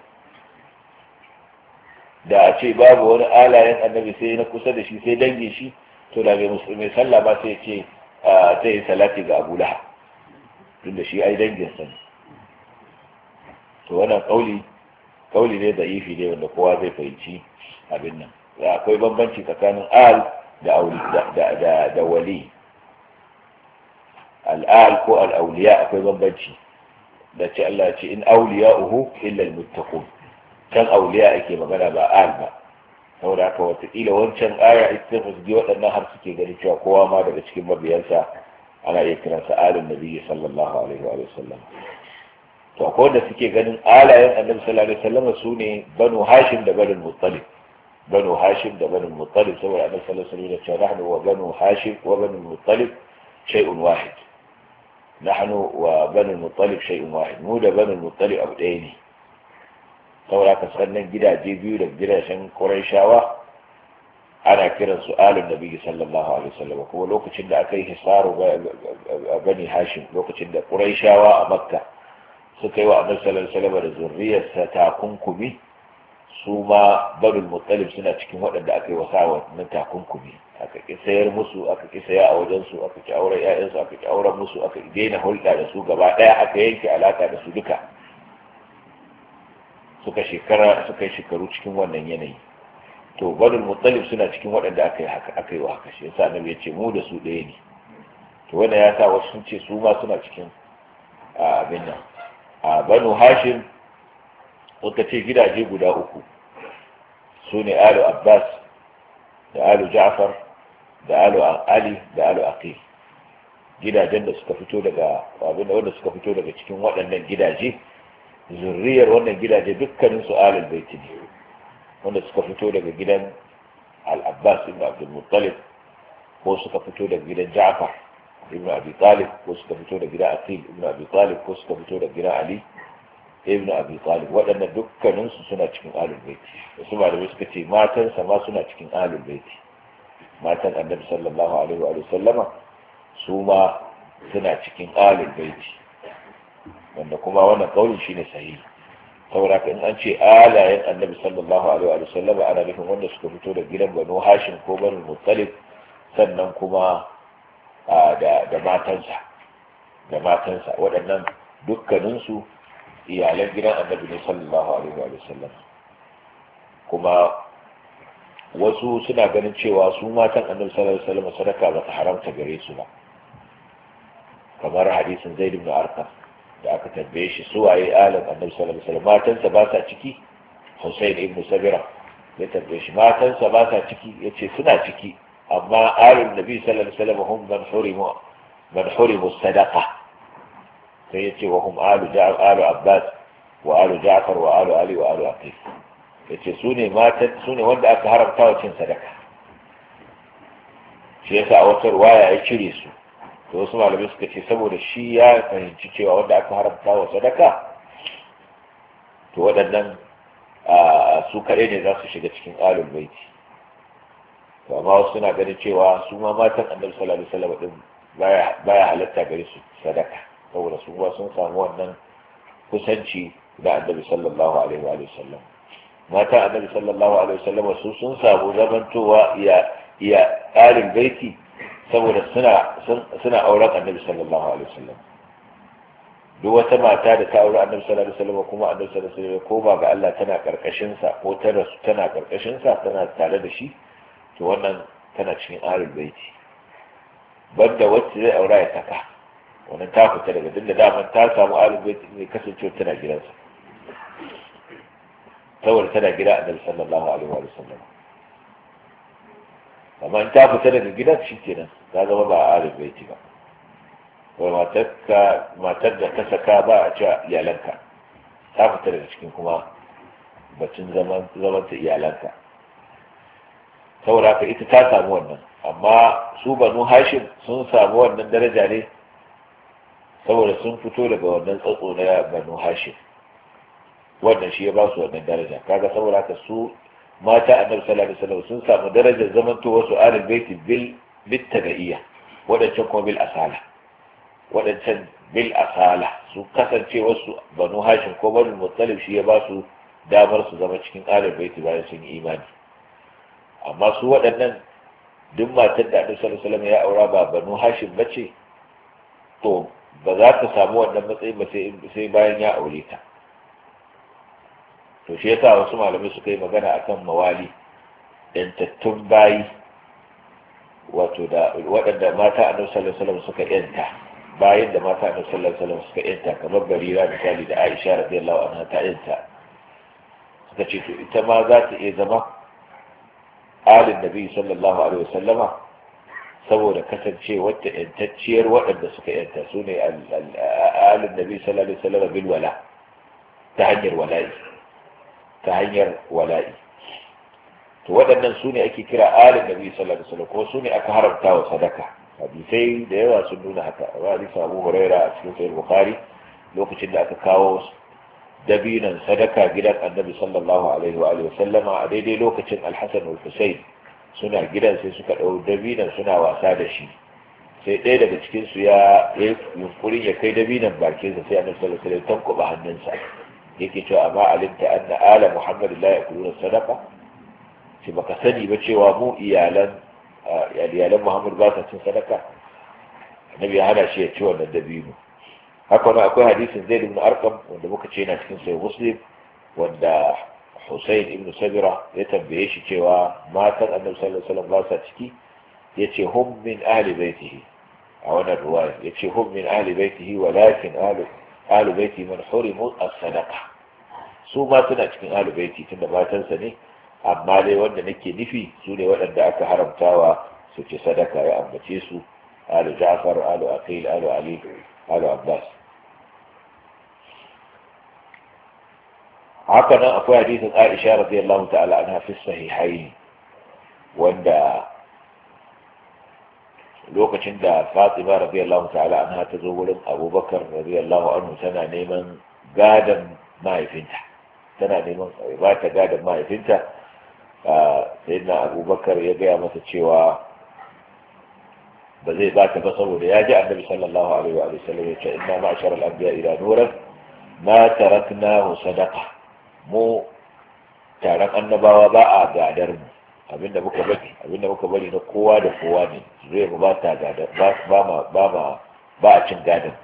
da a ce babu wani alayen annabi sai na kusa da shi sai dangin shi to da mai sallah ba sai ce sai yi salati ga abu lahab tunda shi ai dangin sa to wannan kauli kauli ne da ifi ne wanda kowa zai fahimci abin nan akwai bambanci tsakanin al da auli da da da wali al ko al awliya akwai bambanci da ce Allah ce in auliya'uhu illa al muttaqun Kan auliya ake magana ba al ba saboda haka wataƙila wancan aya ita fusgi waɗannan har suke ganin cewa kowa ma daga cikin mabiyansa ana iya kiransa alin nabiyyi sallallahu alaihi wa sallam to akwai wanda suke ganin alayen annabi sallallahu alaihi wasallam su ne banu hashim da banu muttalib banu hashim da banu muttalib saboda annabi sallallahu alaihi wasallam ya ce nahnu wa banu hashim wa banu muttalib shay'un wahid nahnu wa banu muttalib shay'un wahid mu da banu muttalib abu ɗaya ne saboda ka sannan gidaje biyu da gidajen Qurayshawa ana kiran su alin nabi sallallahu alaihi wasallam kuma lokacin da aka yi hisaru bani hashim lokacin da Qurayshawa a makka suka yi wa annabi salama da zurriyarsa takunkumi su ma barul muttalib suna cikin waɗanda aka yi wa sa wannan takunkumi aka ki sayar musu aka ki saya a wajensu, aka ki auren ƴaƴansu aka ki auren musu aka ƙi daina hulɗa da su gaba ɗaya aka yanke alaƙa da su duka suka shekara suka yi shekaru cikin wannan yanayi to barul muttalib suna cikin waɗanda aka yi haka aka yi wa haka shi yasa annabi ya ce mu da su ɗaya ne to wani ya sa wasu sun ce su ma suna cikin abin nan a banu hashim wata ce gidaje guda uku su ne alu abbas da alu ja'far da alu ali da alu aqil gidajen da suka fito daga abinda wanda suka fito daga cikin waɗannan gidaje zurriyar wannan gidaje dukkanin su alul baiti ne wanda suka fito daga gidan al-abbas ibn abdul muttalib ko suka fito daga gidan ja'far ابن ابي طالب كوس كفتونا جراء قيل ابن ابي طالب كوس كفتونا جراء علي ابن ابي طالب وانا دكا ننس سنة تكين آل البيت اسمع لبسكتي ما تنسى ما سنة تكين آل البيت ما تن النبي صلى الله عليه وآله وسلم سوما سنة تكين آل البيت وانكما وانا قول شيني سهيل تورك ان انت آل النبي صلى الله عليه وآله وسلم انا لكم ونسك فتولة جلب ونوحاش كوبر المطلب سنن كما da matansa da matansa waɗannan dukkaninsu iyalan gidan annabi ne sallallahu alaihi wa sallam kuma wasu suna ganin cewa su matan annabi sallallahu alaihi wa sallam sadaka ba ta haramta gare su ba kamar hadisin zaid ibn arqam da aka tambaye shi su waye alim annabi sallallahu alaihi wa matansa ba sa ciki Hussein ibn Sabira ya tambaye shi matansa ba sa ciki yace suna ciki أما آل النبي صلى الله عليه وسلم هم من حرموا من حرموا الصدقة فيأتي وهم آل جعفر آل عباس وآل جعفر وآل علي وآل عقيل yace su ne matan su wanda aka haramta wa cin sadaka shi yasa a wata ruwaya ya cire su to wasu malamai suka ce saboda shi ya fahimci cewa wanda aka haramta wa sadaka to waɗannan su kaɗai ne zasu shiga cikin alul baiti to amma wasu suna ganin cewa su ma matan annabi sallallahu alaihi wasallam din baya halatta gare su sadaka saboda su ma sun samu wannan kusanci da annabi sallallahu alaihi wa sallam mata annabi sallallahu alaihi wa sallam su sun samu zamantowa ya iya ƙarin baiti saboda suna suna auren annabi sallallahu alaihi wa sallam duk wata mata da ta aure annabi sallallahu alaihi wasallam kuma annabi sallallahu alaihi wasallam koma ga Allah tana karkashin sa ko ta rasu tana karkashin sa tana tare da shi to wannan tana cikin arin baiti banda wacce zai aura ya taka wannan ta fita daga duk da daman ta samu arin baiti ne kasance tana gidansa saboda tana gida a nan sallallahu alaihi wa sallam amma ta fita daga gidan shi kenan ta zama ba a arin baiti ba wai matar da ta saka ba a cewa iyalanka ta fita daga cikin kuma batun zaman ta iyalanka saboda haka ita ta samu wannan amma su banu hashim sun samu wannan daraja ne saboda sun fito daga wannan tsatso na banu hashim wannan shi ya ba su wannan daraja kaga saboda haka su mata annabi sallallahu alaihi sun samu darajar zamantowar wasu alil baiti bil bitabaiya wadancan kuma bil asala wadancan bil asala su kasance wasu banu hashim ko banu muttalib shi ya ba su damar su zama cikin alil baiti bayan sun yi imani amma su waɗannan duk matar da annabi sallallahu ya aura ba banu hashim bace to ba za ta samu wannan matsayin ba sai bayan ya aure ta to shi yasa wasu malamai suka yi magana akan mawali yantattun bayi wato da waɗanda mata a sallallahu alaihi suka yanta bayan da mata a sallallahu suka yanta kamar barira misali da aisha radiyallahu anha ta yanta suka ce to ita ma za ta iya zama alin nabi sallallahu alaihi wasallama saboda kasance wata yantacciyar waɗanda suka yanta su ne alin nabi sallallahu alaihi wasallama bil wala ta hanyar wala'i ta hanyar wala'i to waɗannan su ne ake kira alin nabi sallallahu alaihi wasallam ko su ne aka haramta wa sadaka hadisai da yawa sun nuna haka ba hadisa Abu Huraira a cikin Sahih Bukhari lokacin da aka kawo wasu. dabinan sadaka gidan annabi sallallahu alaihi wa sallama a daidai lokacin alhassan wal suna gidan sai suka ɗau dabinan suna wasa da shi sai ɗaya daga cikin su ya yunkurin ya kai dabinan bakinsa sai annabi sallallahu alaihi wa sallam tankuba hannunsa yake cewa amma alimta anna ala muhammad la yakuluna sadaka sai baka sani ba cewa mu iyalan iyalan muhammad ba sa cin sadaka annabi ya hana shi ya ci wannan dabino haka akwai hadisin zaid ibn arqam wanda muka ce yana cikin sahih muslim wanda Hussein ibn Sabira ya tambaye shi cewa matan Annabi sallallahu alaihi wasallam ba ciki yace hum min ahli baitihi a wannan ruwaya yace hum min ahli baitihi walakin ahli ahli baiti man hurimu as-sadaqa su ma suna cikin ahli baiti tunda matansa ne amma dai wanda nake nufi su ne waɗanda aka haramtawa su ci sadaka ya ambace su ahli Ja'far ahli Aqil ahli Ali ahli Abbas haka nan akwai hadisin aisha radiyallahu ta'ala anha fi sahihain wanda lokacin da fatima radiyallahu ta'ala anha ta zo wurin abubakar radiyallahu anhu tana neman gadon mahaifinta tana neman ba ta gadon mahaifinta sai na abubakar ya gaya masa cewa ba zai ba ta ba saboda ya ji annabi sallallahu alaihi wa sallam ya ce inna ma'ashar al-anbiya ila nuran ma taraknahu sadaqa mu taron annabawa ba a gadar mu abinda muka bari abinda muka bari na kowa da kowa ne zai mu ba ta gadar ba ma ba ma ba a cin gadar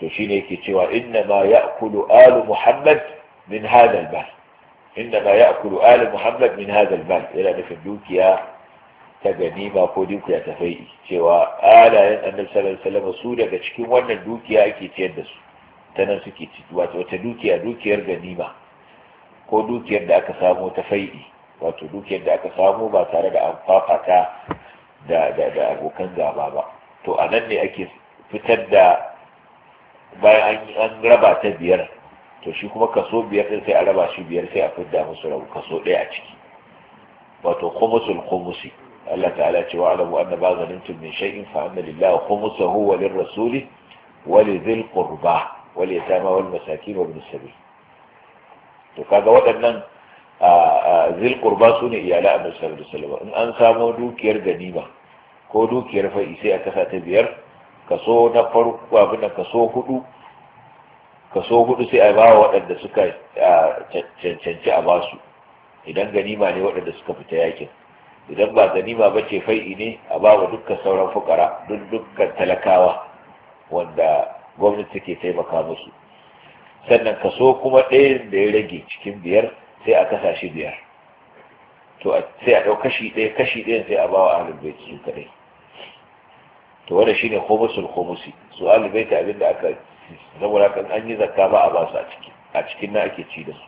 to shine yake cewa inna ma ya'kulu alu muhammad min hadha al-bahr inna ma ya'kulu alu muhammad min hadha al yana nufin dukiya ta ganima ko dukiya ta fai'i cewa alayen annabi sallallahu alaihi wasallam su daga cikin wannan dukiya ake ciyar da su ta nan suke ciki wato wata dukiya dukiyar ganima ko dukiyar da aka samo ta fai'i wato dukiyar da aka samo ba tare da an fafata da da da abokan gaba ba to a nan ne ake fitar da bayan an raba ta biyar to shi kuma kaso biyar din sai a raba shi biyar sai a fidda musu rabu kaso ɗaya a ciki wato khumusul khumusi Allah ta'ala ce wa alamu anna ba zalimtum min shay'in fa anna lillahi khumusahu wa lirrasuli wa lidhil qurba ma wani masaki masakin wani sabi to kaga waɗannan zil qurba su ne iyala a sallallahu alaihi wasallam in an samo dukiyar ganima ko dukiyar fa'i sai a kasa ta biyar kaso na farko abin da kaso hudu kaso hudu sai a ba wa waɗanda suka cancanci a basu idan ganima ne waɗanda suka fita yakin idan ba ganima ba ce fai'i ne a ba wa dukkan sauran fukara duk dukkan talakawa wanda gwamnati take taimaka musu sannan kaso kuma ɗayan da ya rage cikin biyar sai a kasa shi biyar to sai a ɗau kashi ɗaya kashi ɗayan sai a bawa ahlul bai su kaɗai to wanda shine homosul homosi su ahlul bai ta abinda aka saboda kan an yi zakka ba a ba su a a cikin na ake ci da su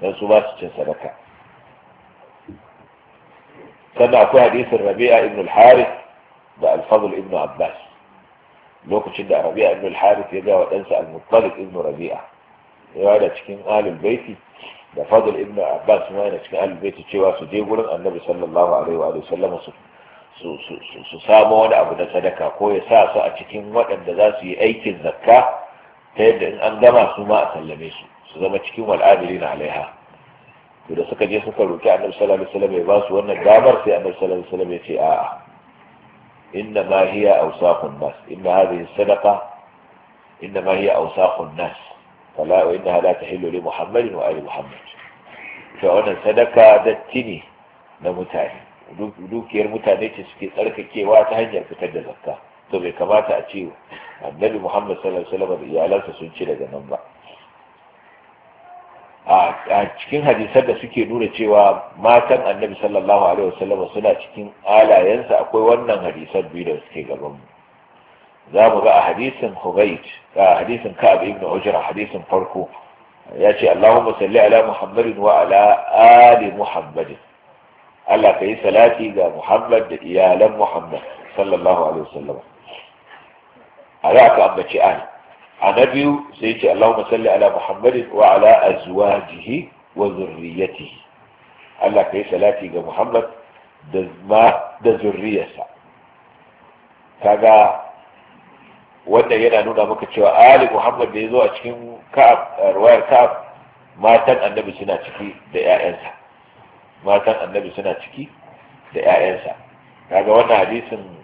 dan su ba su cin sadaka sannan akwai hadisin rabi'a ibn al-harith da al-fadl ibn abbas lokacin da rabi'a ibn al-harith ya ga wa dansa al-muttalib ibn rabi'a ya da cikin ahlul baiti da fadl ibn abbas ma yana cikin ahlul baiti cewa su je gurin annabi sallallahu alaihi wa sallam su su su samu wani abu na sadaka ko ya sa su a cikin waɗanda za su yi aikin zakka ta yadda in an gama su ma a sallame su su zama cikin wal'adili na alaiha to da suka je suka roki annabi sallallahu alaihi ya ba su wannan damar sai annabi sallallahu alaihi ya ce a'a إنما هي أوساخ الناس إن هذه الصدقة إنما هي أوساخ الناس فلا وإنها لا تحل لمحمد وآل محمد فأنا صدقة دتني لمتاني dukiyar mutane ce suke tsarkakewa ta hanyar fitar da zakka to bai kamata a ce annabi muhammad sallallahu da iyalansa sun ci daga nan ba a cikin hadisar da suke nuna cewa matan annabi sallallahu alaihi wasallam suna cikin alayensa akwai wannan hadisar biyu da suke gaban za mu ga a hadisin Hubayt a hadisin Ka'ab ibn Ujra hadisin farko ya ce Allahumma salli ala Muhammadin wa ala ali Muhammadin Allah ka yi salati ga Muhammad da iyalan Muhammad sallallahu alaihi wasallam a za ka ambaci ali a na biyu sai ce Allahumma salli ala Muhammadin wa ala azwajihi wa zurriyatihi Allah kai salati ga Muhammad da ma da zurriyarsa kaga wanda yana nuna maka cewa ali Muhammad da ya zo a cikin Ka'ab ruwayar Ka'ab matan Annabi suna ciki da ƴaƴansa matan Annabi suna ciki da ƴaƴansa kaga wannan hadisin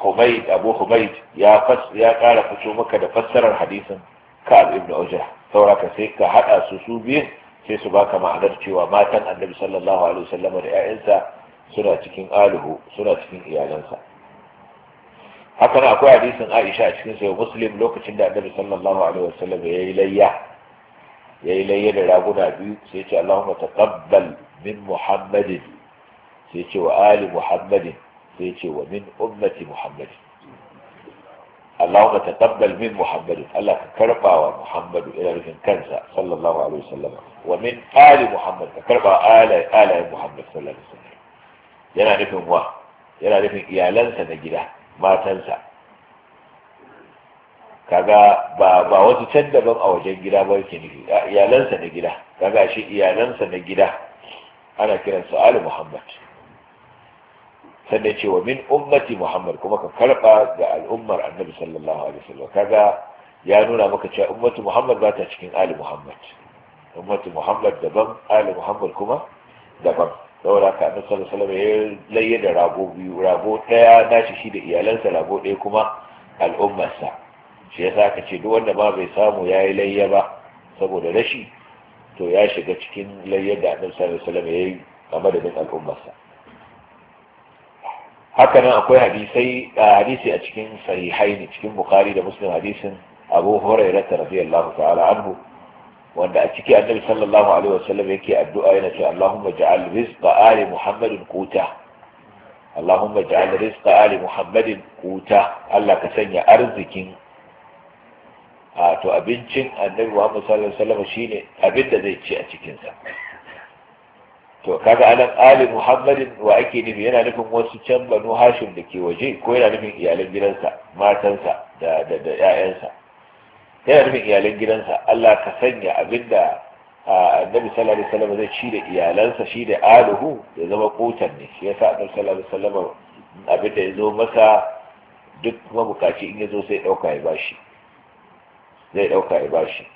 Humayd Abu Humayd ya fas ya ƙara fito maka da fassarar hadisin Ka'ab ibn Ujra sauraka sai ka hada su su biyu sai su baka ma'anar cewa matan Annabi sallallahu alaihi wasallam da ƴaƴansa suna cikin aluhu suna cikin iyalansa haka na akwai hadisin Aisha a cikin sahih Muslim lokacin da Annabi sallallahu alaihi wasallam ya yi layya ya yi layya da raguna biyu sai ce Allahumma taqabbal min Muhammadin sai ce wa ali Muhammadin sai ce wa min ummati muhammad Allahumma taqabbal min muhammad Allah ka karba wa muhammad ila rufin kansa sallallahu alaihi wasallam wa min ali muhammad ka karba ala ala muhammad sallallahu alaihi wasallam yana nufin wa yana nufin iyalansa na gida matansa kaga ba ba wasu can daban a wajen gida ba yake nufi iyalansa na gida kaga shi iyalansa na gida ana kiransu ali muhammad sannan cewa min ummati muhammad kuma ka karba ga al'ummar annabi sallallahu alaihi wasallam kaga ya nuna maka cewa ummatu muhammad ba ta cikin ali muhammad ummatu muhammad daban ali muhammad kuma daban saboda haka annabi sallallahu alaihi wasallam ya laye da rago biyu rago daya nashi shi da iyalansa rago daya kuma al'ummarsa shi yasa aka ce duk wanda ba bai samu ya yi layya ba saboda rashi to ya shiga cikin layyar da annabi sallallahu alaihi wasallam ya yi a madadin al'ummarsa Hakanan akwai hadisai hadisi a cikin sahihaini cikin bukhari da muslim hadisin abu hurairah radiyallahu ta'ala anhu wanda a ciki annabi sallallahu alaihi wasallam yake addu'a yana cewa Allahumma ja'al rizqa ali Muhammadin quta Allahumma ja'al rizqa ali Muhammadin quta Allah ka sanya arzikin a to abincin annabi Muhammad sallallahu alaihi wasallam shine abin da zai ci a cikin sa to kaga anan ali muhammadin wa ake nufi yana nufin wasu can banu hashim da ke waje ko yana nufin iyalan gidansa matansa da da da ƴaƴansa yana nufin iyalan gidansa Allah ka sanya abinda annabi sallallahu alaihi wasallam zai ci da iyalansa shi da aluhu ya zama kotan ne shi yasa annabi sallallahu alaihi wasallam abinda ya zo masa duk mabukaci in ya zo sai dauka ya bashi zai dauka ya bashi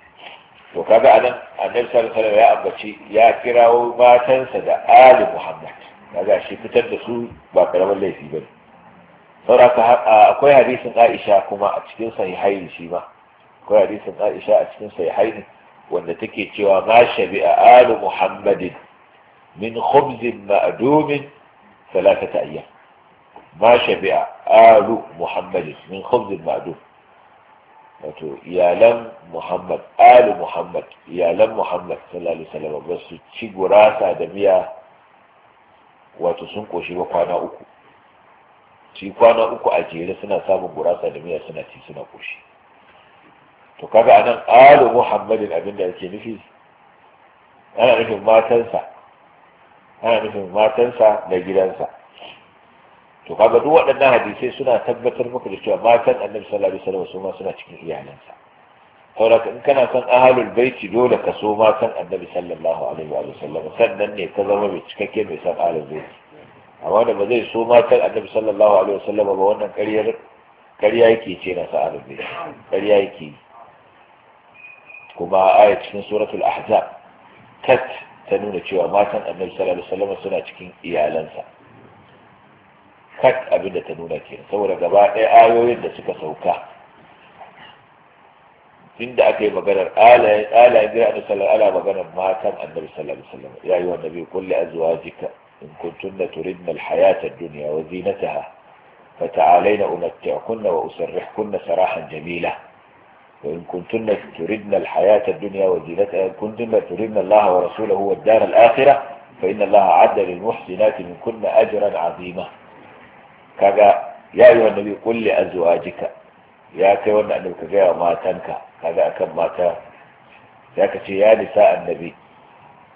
to kaga anan annabi sallallahu alaihi wasallam ya ambaci ya kirawo matansa da ali muhammad kaga shi fitar da su ba karaman laifi bane saboda akwai hadisin aisha kuma a cikin sahihai shi ba akwai hadisin aisha a cikin sahihai wanda take cewa ma a ali muhammad min khubzin ma'dum thalathata ayyam ma a ali muhammad min khubzin ma'dum wato iyalan muhammad ali muhammad iyalan muhammad sallallahu alaihi wasallam ba su ci gurasa da miya wato sun koshi ba kwana uku ci kwana uku a jere suna samun gurasa da miya suna ci suna koshi to kaga anan alu muhammadin abin da yake nufi ana nufin matansa ana nufin matansa da gidansa to kaga duk waɗannan hadisai suna tabbatar maka da cewa matan annabi sallallahu alaihi wasallam su suna cikin iyalansa saboda in kana son ahalul baiti dole ka so matan annabi sallallahu alaihi wasallam sannan ne ka zama mai cikakke mai san ahalul baiti amma da ba zai so matan annabi sallallahu alaihi wasallam ba wannan ƙaryar ƙarya yake ce na sa ahalul baiti ƙarya yake kuma aya cikin suratul ahzab tat ta nuna cewa matan annabi sallallahu alaihi wasallam suna cikin iyalansa kat abin da ta nuna ke saboda gaba ɗaya ayoyin da suka sauka inda aka yi maganar alayen gira da sallar ala maganar matan annabi sallallahu alaihi wasallam ya yi wa nabi kulli azwajika in kuntunna turidna alhayata ad-dunya wa zinataha fata'alaina umatti'kunna wa usarrihkunna sarahan jamila wa wa in turidna ad dunya وإن كنتن turidna الحياة wa rasulahu wa ad-dar al akhirah fa inna فإن 'adda lil muhsinati minkunna ajran 'azima kaga ya yi wanda bai kulle azwajika ya kai wanda annabi ka gaya wa matanka kaga akan mata ya ka ce ya nisa annabi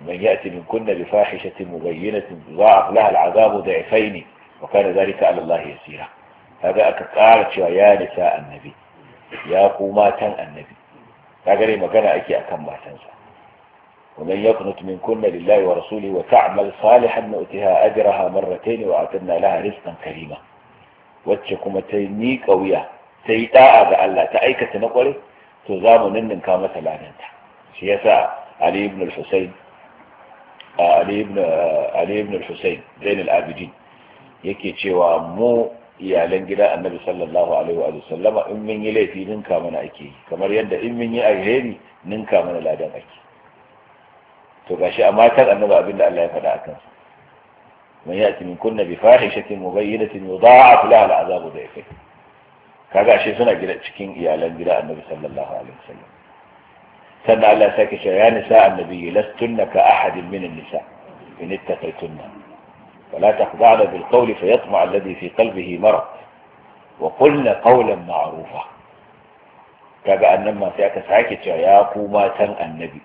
من يأتي من كن بفاحشة مبينة يضاعف لها العذاب ضعفين وكان ذلك على الله يسيرا هذا أكقارت يا نساء النبي يا قوماتا النبي هذا لما كان أكي أكم ما تنسى ومن يقنت منكن لله ورسوله وتعمل صالحا نؤتها أجرها مرتين وأعتدنا لها رزقا كريما وتشكم تيني قوية تيتاء بألا تأيك تنقل تزام ننن كامة لعننت شيسا علي بن الحسين علي بن علي بن الحسين زين العابدين yake cewa mu iyalan gida annabi sallallahu alaihi wa sallama in mun yi laifi ninka mana ake yi kamar yadda in mun yi alheri ninka mana ladan ake to gashi amma matan annaba abinda Allah ya faɗa akan su man ya'ti min kunna bi fahishatin mubayyinatin yudha'af laha al'azabu da'ifai kaga shi suna gida cikin iyalan gida annabi sallallahu alaihi wasallam sannan Allah ya sake cewa ya nisa annabi lastunna ka ahadin min an-nisa in ittaqaytunna ولا تخضعن بالقول فيطمع الذي في قلبه مرض وقلن قولا معروفا kaga annan ma sai aka sake cewa ya ku matan annabi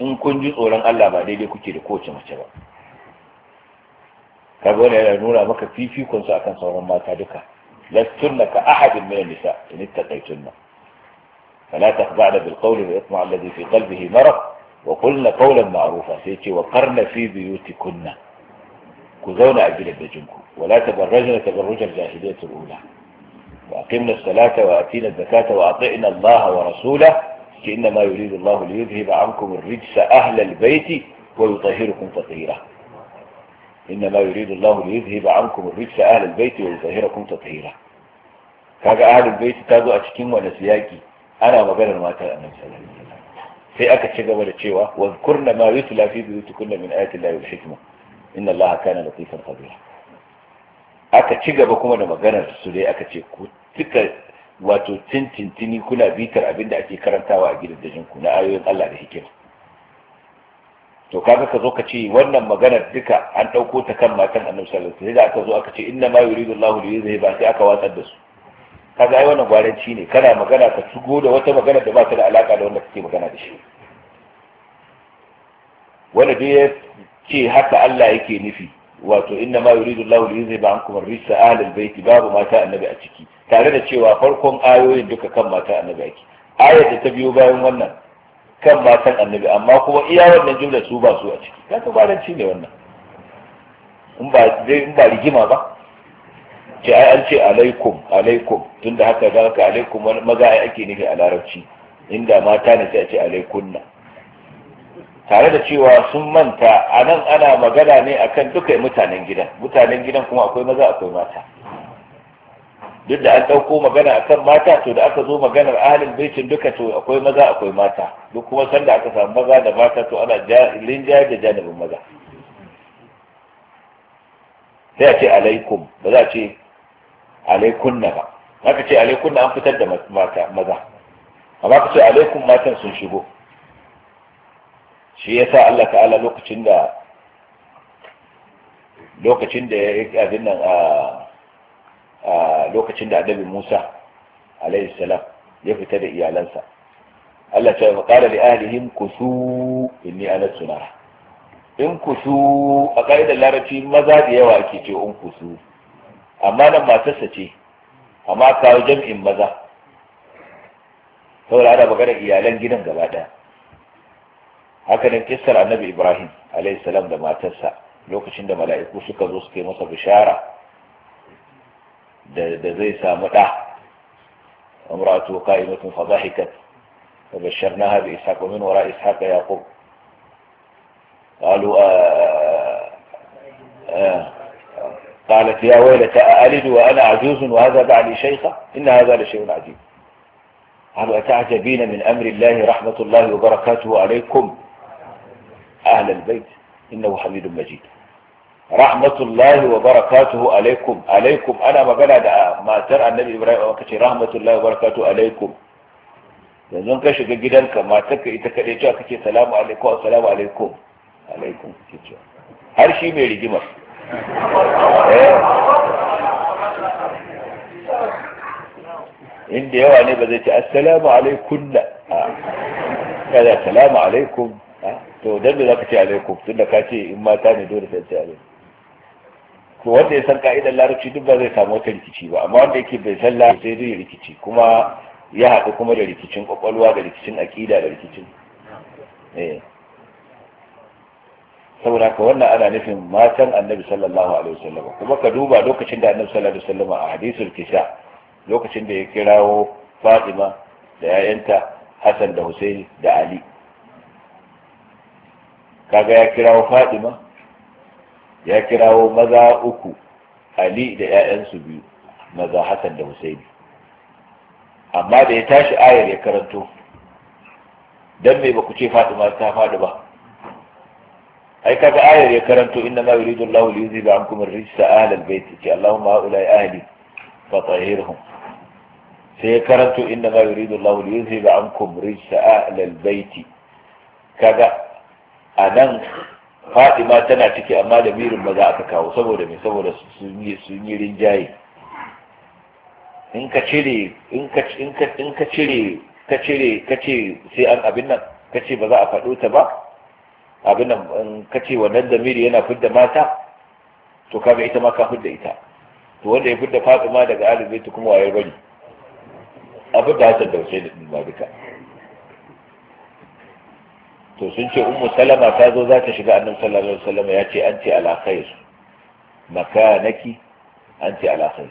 in kun ji tsoron Allah ba daidai kuke da kowace mace ba kaga wani yana nuna maka fifikon su akan sauran mata duka lastunna ka ahadin min nisa in ittaqaytunna fala taqba'na bil qawli wa yatma alladhi fi qalbihi marad wa qulna qawlan ma'rufa sai ce wa qarna fi buyutikunna ku zauna a gidan gidajenku wala tabarrajna tabarruj al jahiliyyah al ula wa wa as-salata atina az-zakata wa ati'na وأطعنا wa rasulahu ك يريد الله ليذهب عنكم الرجس أهل البيت ويطهركم تطهيرا إنما يريد الله ليذهب عنكم الرجس أهل البيت ويطهركم تطهيرا كاجا أهل البيت كادو وأنا ونسياكي أنا مبالا ما كان أنا مثلا في أكا تشيغا ولا تشيوا واذكرنا ما يتلى في بيوتكن من آيات الله والحكمة إن الله كان لطيفا خبيرا أكا تشيغا بكم أنا مبالا في أكا تشيكو تكا wato tintintini kuna bitar abin da ake karantawa a gidajen ku na ayoyin Allah da hikima to kaga ka zo ka ce wannan maganar duka an ɗauko ta kan matan annabi sallallahu alaihi wasallam sai aka zo aka ce inna ma yuridu Allahu li yuzhiba sai aka watsar da su kaga ai wannan gwaranci ne kana magana ka shigo da wata magana da ba ta da alaka da wanda kake magana da shi wanda dai ya ce haka Allah yake nufi wato inna ma yuridu Allahu li yuzhiba ankum ar-rijsa ahli al-bayt babu mata annabi a ciki tare da cewa farkon ayoyin duka kan mata annabi ake ayar da ta biyo bayan wannan kan matan annabi amma kuma iya wannan jumla su ba su a ciki ka ta baranci ne wannan in ba dai in ba rigima ba ce ai an ce alaikum alaikum tunda haka ga haka alaikum maza ai ake nufi a larabci inda mata ne sai a ce alaikunna tare da cewa sun manta a nan ana magana ne akan duka mutanen gidan mutanen gidan kuma akwai maza akwai mata duk da an ɗauko magana akan mata to da aka zo maganar ahalin baitin duka to akwai maza akwai mata duk kuma sanda aka samu maza da mata to ana linjayar da janibin maza sai a ce alaikum ba za a ce alaikunna ba aka ce alaikunna an fitar da mata maza amma ka ce alaikum matan sun shigo shi sa Allah ta'ala lokacin da lokacin da ya abin nan a lokacin da annabi Musa alaihi salam ya fita da iyalansa Allah ta yi qala da ahlihim kusu inni ana suna. in kusu a ƙa'idar larabci maza da yawa ake ce in kusu amma nan matarsa ce amma kawo jam'in maza saboda ana maganar iyalan gidan gaba ɗaya haka nan kissar annabi ibrahim alayhi salam da matarsa lokacin da mala'iku suka zo suke masa bishara da da zai samu ɗa امرأته قائمة فضحكت wa basharnaha bi ishaq min wara ishaq yaqub qalu قالت يا ويلتى أألد وأنا عجوز وهذا بعلي شيخة إن هذا لشيء عجيب قالوا أتعجبين من أمر الله رحمة الله وبركاته عليكم على البيت إنه حميد مجيد رحمة الله وبركاته عليكم عليكم أنا ما قال ما ترى النبي إبراهيم وكتي رحمة الله وبركاته عليكم ka shiga gidanka matarka ita kaɗai cewa kake salamu alaikum assalamu alaikum alaikum har shi mai rigimar inda yawa ne ba zai ce assalamu salamu to dan da zaka ce alaikum tunda ka ce in mata ne dole sai ce alaikum to wanda ya san ka'idar larabci duk ba zai samu wata rikici ba amma wanda yake bai san larabci sai zai rikici kuma ya haɗu kuma da rikicin kwakwalwa da rikicin aƙida da rikicin eh saboda ka wannan ana nufin matan annabi sallallahu alaihi wasallam kuma ka duba lokacin da annabi sallallahu alaihi wasallam a hadisul kisa lokacin da ya kirawo fatima da yayanta hasan da husaini da ali kaga ya kirawo fadima ya kirawo maza uku ali da 'ya'yansu biyu maza hassan da husaini amma da ya tashi ayar ya karanto dan ba ku ce fadima ta fadi ba ai kaga ayar ya karanto inna ma yuridu Allah li yuziba ankum ar-rijsa ahla al-bayt ce Allahumma haula ahli fa tahhirhum sai ya karanto inna ma yuridu Allah li yuziba ankum rijsa ahla al-bayt kaga a nan fadima tana ciki amma da mirin za aka kawo saboda mai saboda sun yi rinjaye in ka cire in ka cire ka ce sai an abin nan ka ce ba za a faɗo ta ba abin nan ka ce wannan miri yana fidda mata to ga ita ma ka fidda ita to wanda ya fidda ma daga alibaitu kuma wayar bane abin da hasar da wasu da duka to sun ce ummu salama ta zo za ta shiga annabi sallallahu alaihi wasallam ya ce anti ala khair makanaki anti ala khair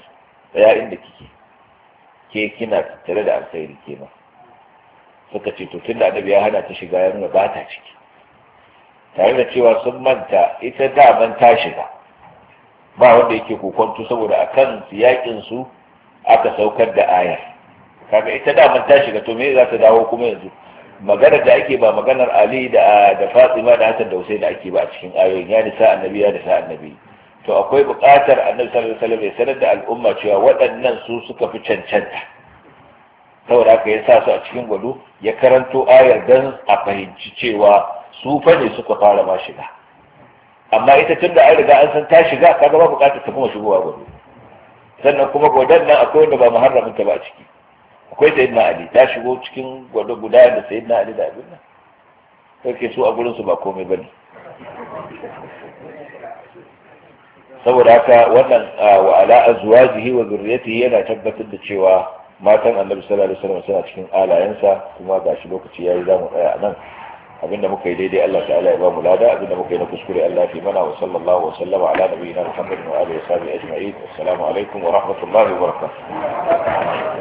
ya inda kike ke kina tare da alkhairi ke ma suka ce to tunda annabi ya hana ta shiga ya ba ta ciki tare da cewa sun manta ita daman ta shiga ba wanda yake kokonto saboda akan yakin su aka saukar da ayar kaga ita daman ta shiga to me za ta dawo kuma yanzu maganar da ake ba maganar ali da da fatima da hasan da husaini ake ba a cikin ayoyin ya nisa annabi ya nisa annabi to akwai buƙatar annabi sallallahu alaihi wasallam ya sanar da al'umma cewa waɗannan su suka fi cancanta saboda haka ya sa su a cikin gwado ya karanto ayar dan a fahimci cewa su fa ne suka fara ma shiga amma ita tun da an riga an san ta shiga kaga ba buƙatar ta kuma shigowa gwado sannan kuma godan nan akwai wanda ba muharramin ta ba a ciki akwai sayyidina ali ta shigo cikin gwado guda da sayyidina ali da abin nan kake so a gurin su ba komai bane saboda haka wannan wa ala azwajihi wa zurriyatihi yana tabbatar da cewa matan annabi sallallahu alaihi wasallam suna cikin alayensa kuma shi lokaci yayi zamu tsaya nan abinda muka yi daidai Allah ta'ala ya ba mu lada abinda muka yi na kuskure Allah fi mana wa sallallahu wa sallama ala nabiyyina Muhammadin wa alihi wa sahbihi ajma'in assalamu alaikum wa rahmatullahi wa barakatuh